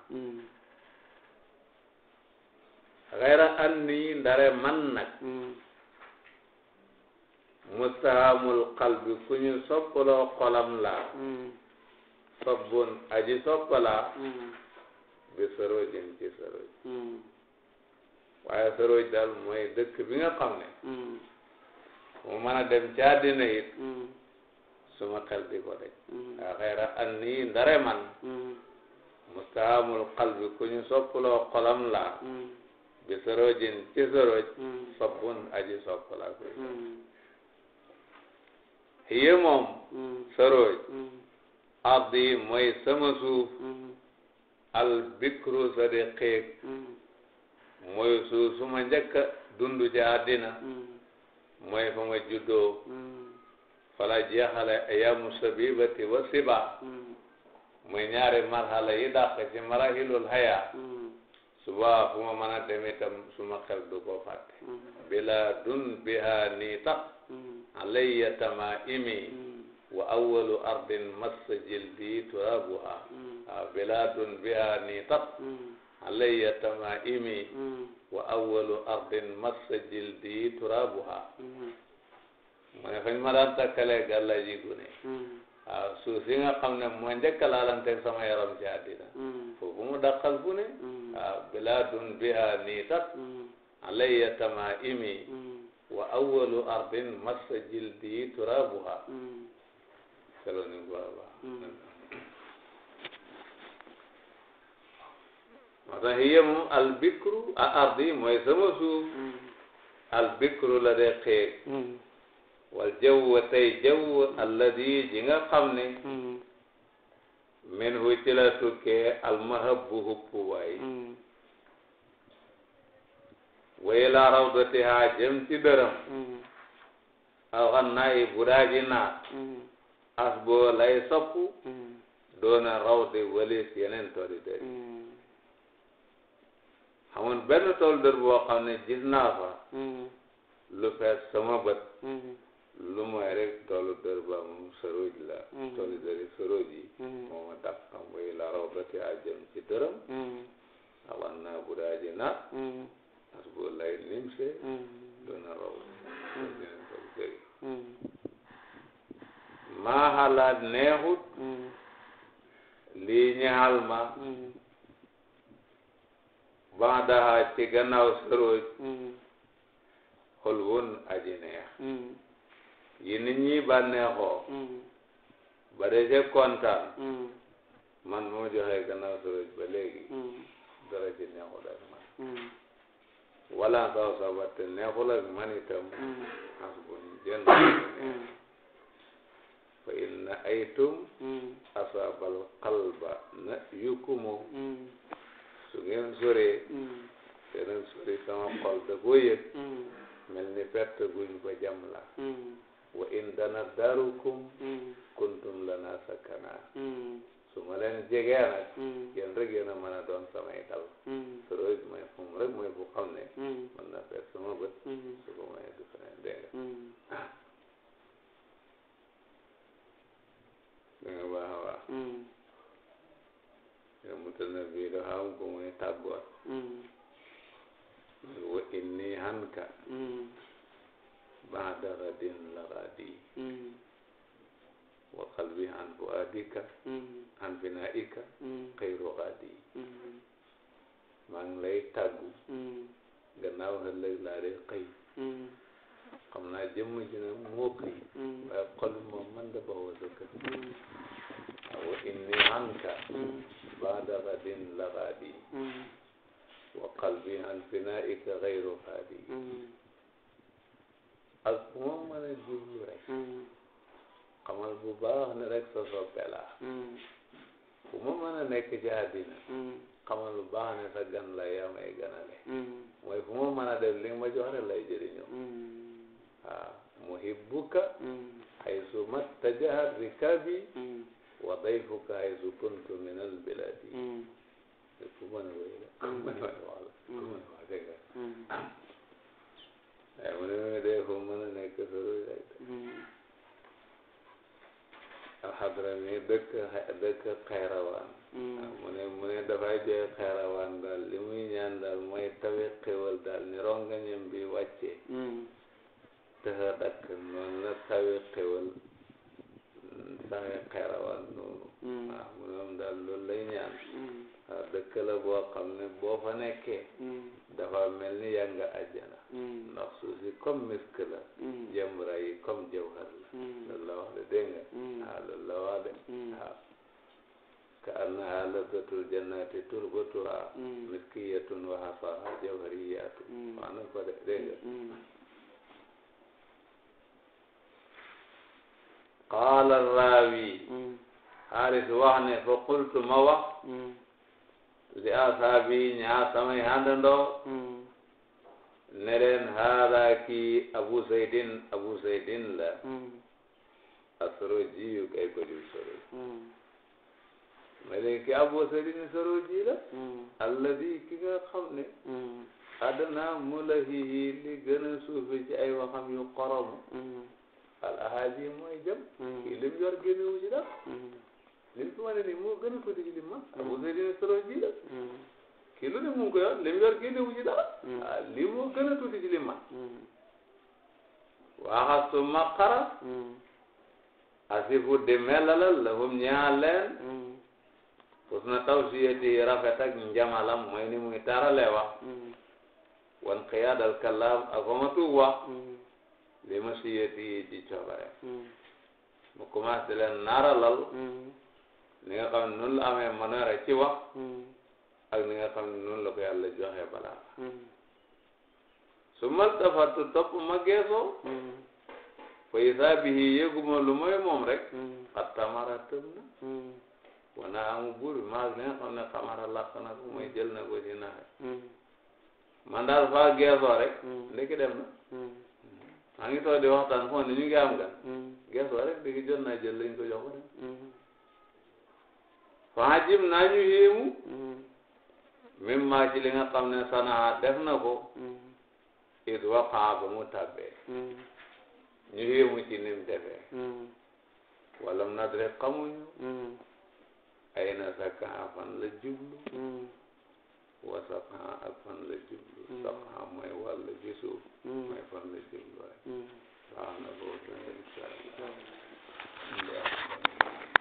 Speaker 2: xayra an nii ndare man nag mustahamul qalbi ku ñu soppaloo xolam laa hmm. sobbun aji soppalaa hmm. bi sorojin ci soroj hmm. waaye soroj daal mooy dëkk bi nga xam ne mu mën a dem ca àddina it suma xel di ko deg waa xayra an nii ndare man mustahamul qalbi ku ñu soppaloo xolam laa bi sorojin ci soroj sobbun aji soppalaa koy hiya moom sarooj ardi mooy sama suuf al bikru sa mooy suuf su ma njëkk a dund ci àddina mooy fa ma juddoo fala jeexale ayamu sabibati wa siba mooy ñaari marhala yi dàq ci marahilul suba fu ma mën a suma xel du ko bilaadun biha niita hmm. alayya tamaimi hmm. wa awwalu ardin massa jildi turabuha hmm. ah, bilaadun biha niita alayya tamaimi wa awwalu ardin massa jildi turabuha mu ne fañ ma daan takkale gàlla ji gune waaw ah, suuf si nga xam ne moo njëkk a laalanteeg sama yaram ci àddina foofu mu dàqal gune waaw ah, bilaadun biha niitat alayya tamaimi wa awwalu ardin massa jildi turabuha selo ni bu baax moo tax hiya moom albikru a ardi mooy sama suuf albikru la dee xeeg wal jaww tey jaww alladi ji nga xam ne min hu ci la tukkee almahabbu huppu waay way la rawdatiha jëm ci dërëm mm-hmm. aw xan naa yi budaaji naat mm-hmm. as boo lay soppu mm-hmm. doona rawde walis yeneen tooli dër xamoon benn tool dër boo xam ne gis naa fa lu fees sama lu mooy rek toolu dër ba moom la toolu dëri moom a dàq xam way la rawdatiha jëm ci dërëm aw xan naa budaaji Hasbulay nimse dana raw maa xalaat neexut lii ñaxal ma mm. bandaxa ci gannaaw sorooj mm. xol woon aji neex mm. yi nit ñi bànneexoo ba deje kontaan man moo joxe gannaaw sorooj ba léegi dara ci neexut ak man wala saw sabat te neexul ak man itam hasbun mm. jënd mm. fa in na aytum mm. asabal qalba na yukumu su ngeen soree te nag sori sama xol da koo mel ni perte guñ ko jam la wa in dana darukum kuntum lana sakana
Speaker 1: su ma leen jegee nag
Speaker 2: yéen rek yéen a mën a doon samay dal soro it mooy fu mu rek mooy fu xam ne mën na fees sama bët su ko mayee du feneen dégg nga dégg nga baax a baax yo muta na bii do xam ko muy tàggoot wa inni hanka baada radin la radi wa qalbi an fuadika mm-hmm. an binaika mm-hmm. xayru xaadi mm-hmm. maa ngi lay tàggu gannaaw ëllëg laa dee xëy xam naa jëmm ji nag moo xëy waaye xol moom man da bawoo dëkk wa inni anka baada gadin la gaadi wa qalbi an binaika xayru xaadi ak fu ma
Speaker 1: mën a jublu rek
Speaker 2: xamal bu baax ne rek sa soppe laa
Speaker 1: bu
Speaker 2: hmm. ma mën a nekk ci àddina hmm. xamal bu baax ne sa gan la yaa may ganale hmm. mooy fu ma mën a def li nga ma jox rek lay jëriñoo waaw muhibbuka haysu mattajaha rikabi wa dayfuka haysu kuntu min al biladi fu ma ne wéy la ku ma ne wax la ku ma ne wax dëgg la waaye mu ne ma dee fu ma mën a nekk sa rek alxadrami dëkk dëkk xayrawaan mu ne mu ne dafay jooy xayrawaan daal li muy ñaan daal mooy tawi xéwal daal ni rongañam bi wàccee mm. tëxa dakk noonu la tawi xéwal saxe xayrawaan noonu mm. waaw mu ne moom daal loolu lay ñaan mm. waaw dëkk la boo nekkee mm. dafa mel ni yaa nga àjjana mm. ndax suuf si comme misk la mm. jamra yi comme jawhar la loolu la wax de jannati turbatuha miskiyatun wa hafaha jawhariyatu wax na ko de dégg nga
Speaker 1: qaala raawi xaalis
Speaker 2: wax li asaabi ñaa samay àndandoo hmm. ne leen haada kii abu saydin abu saydin la asoro jiyu kay ko diw soro ma leen ki abu saydin hmm. soro hmm. ji la alladi ki nga xam ne adna mulahihi li gën a suufe ci ay waxam yu xorom al ahaaji mooy jëm ki lim yor génnewu ci dara lim fi wane nii moo gën a tuuti ci lim man. solo ji la. kii lu ne mu ngi ko yor lim yor génne wu ci dara. ah lii moo gën a tuuti ci lim man. waaxa su ma xara. asifu di melalal lahum ñaa leen. xus na taw siyati rafet ak njamalam mooy ni muy taarale wax. wan xiyaadal kalaam ak xamatu wax. li ma siyati ci coobare. mu commencé leen naaralal. ni nga xam ne noonu la amee manoore ci wax hmm. ak ni nga xam ne noonu la ko yàlla joxe balaa hmm. su ma tafatu topp ma geesoo hmm. fa isaa bihi yëguma lu mooy moom rek xat tamara tëm na wana amu buur bi maag li nga xam ne xamara làq na ko mooy jël na ko ci naxe
Speaker 1: man daal faa geesoo rek ndeki dem
Speaker 2: na maa ngi toog di waxtaan foo ne ñu ngi am gan geesoo rek digi jot naa jël lañ ko jox ko dem faajim naa ñu yéemu mm. même maa ci li nga xam ne sanaa def na ko mm. it waqaa ba mu tàbbee wala
Speaker 1: mm. yéemu
Speaker 2: ci nim defee walam nadre xamuñu ay na sakaa fan la jublu wa sakaa ak fan la jublu sakaa mooy wàll ci suuf mooy fan la jublu waaye sax na boobu insha Allah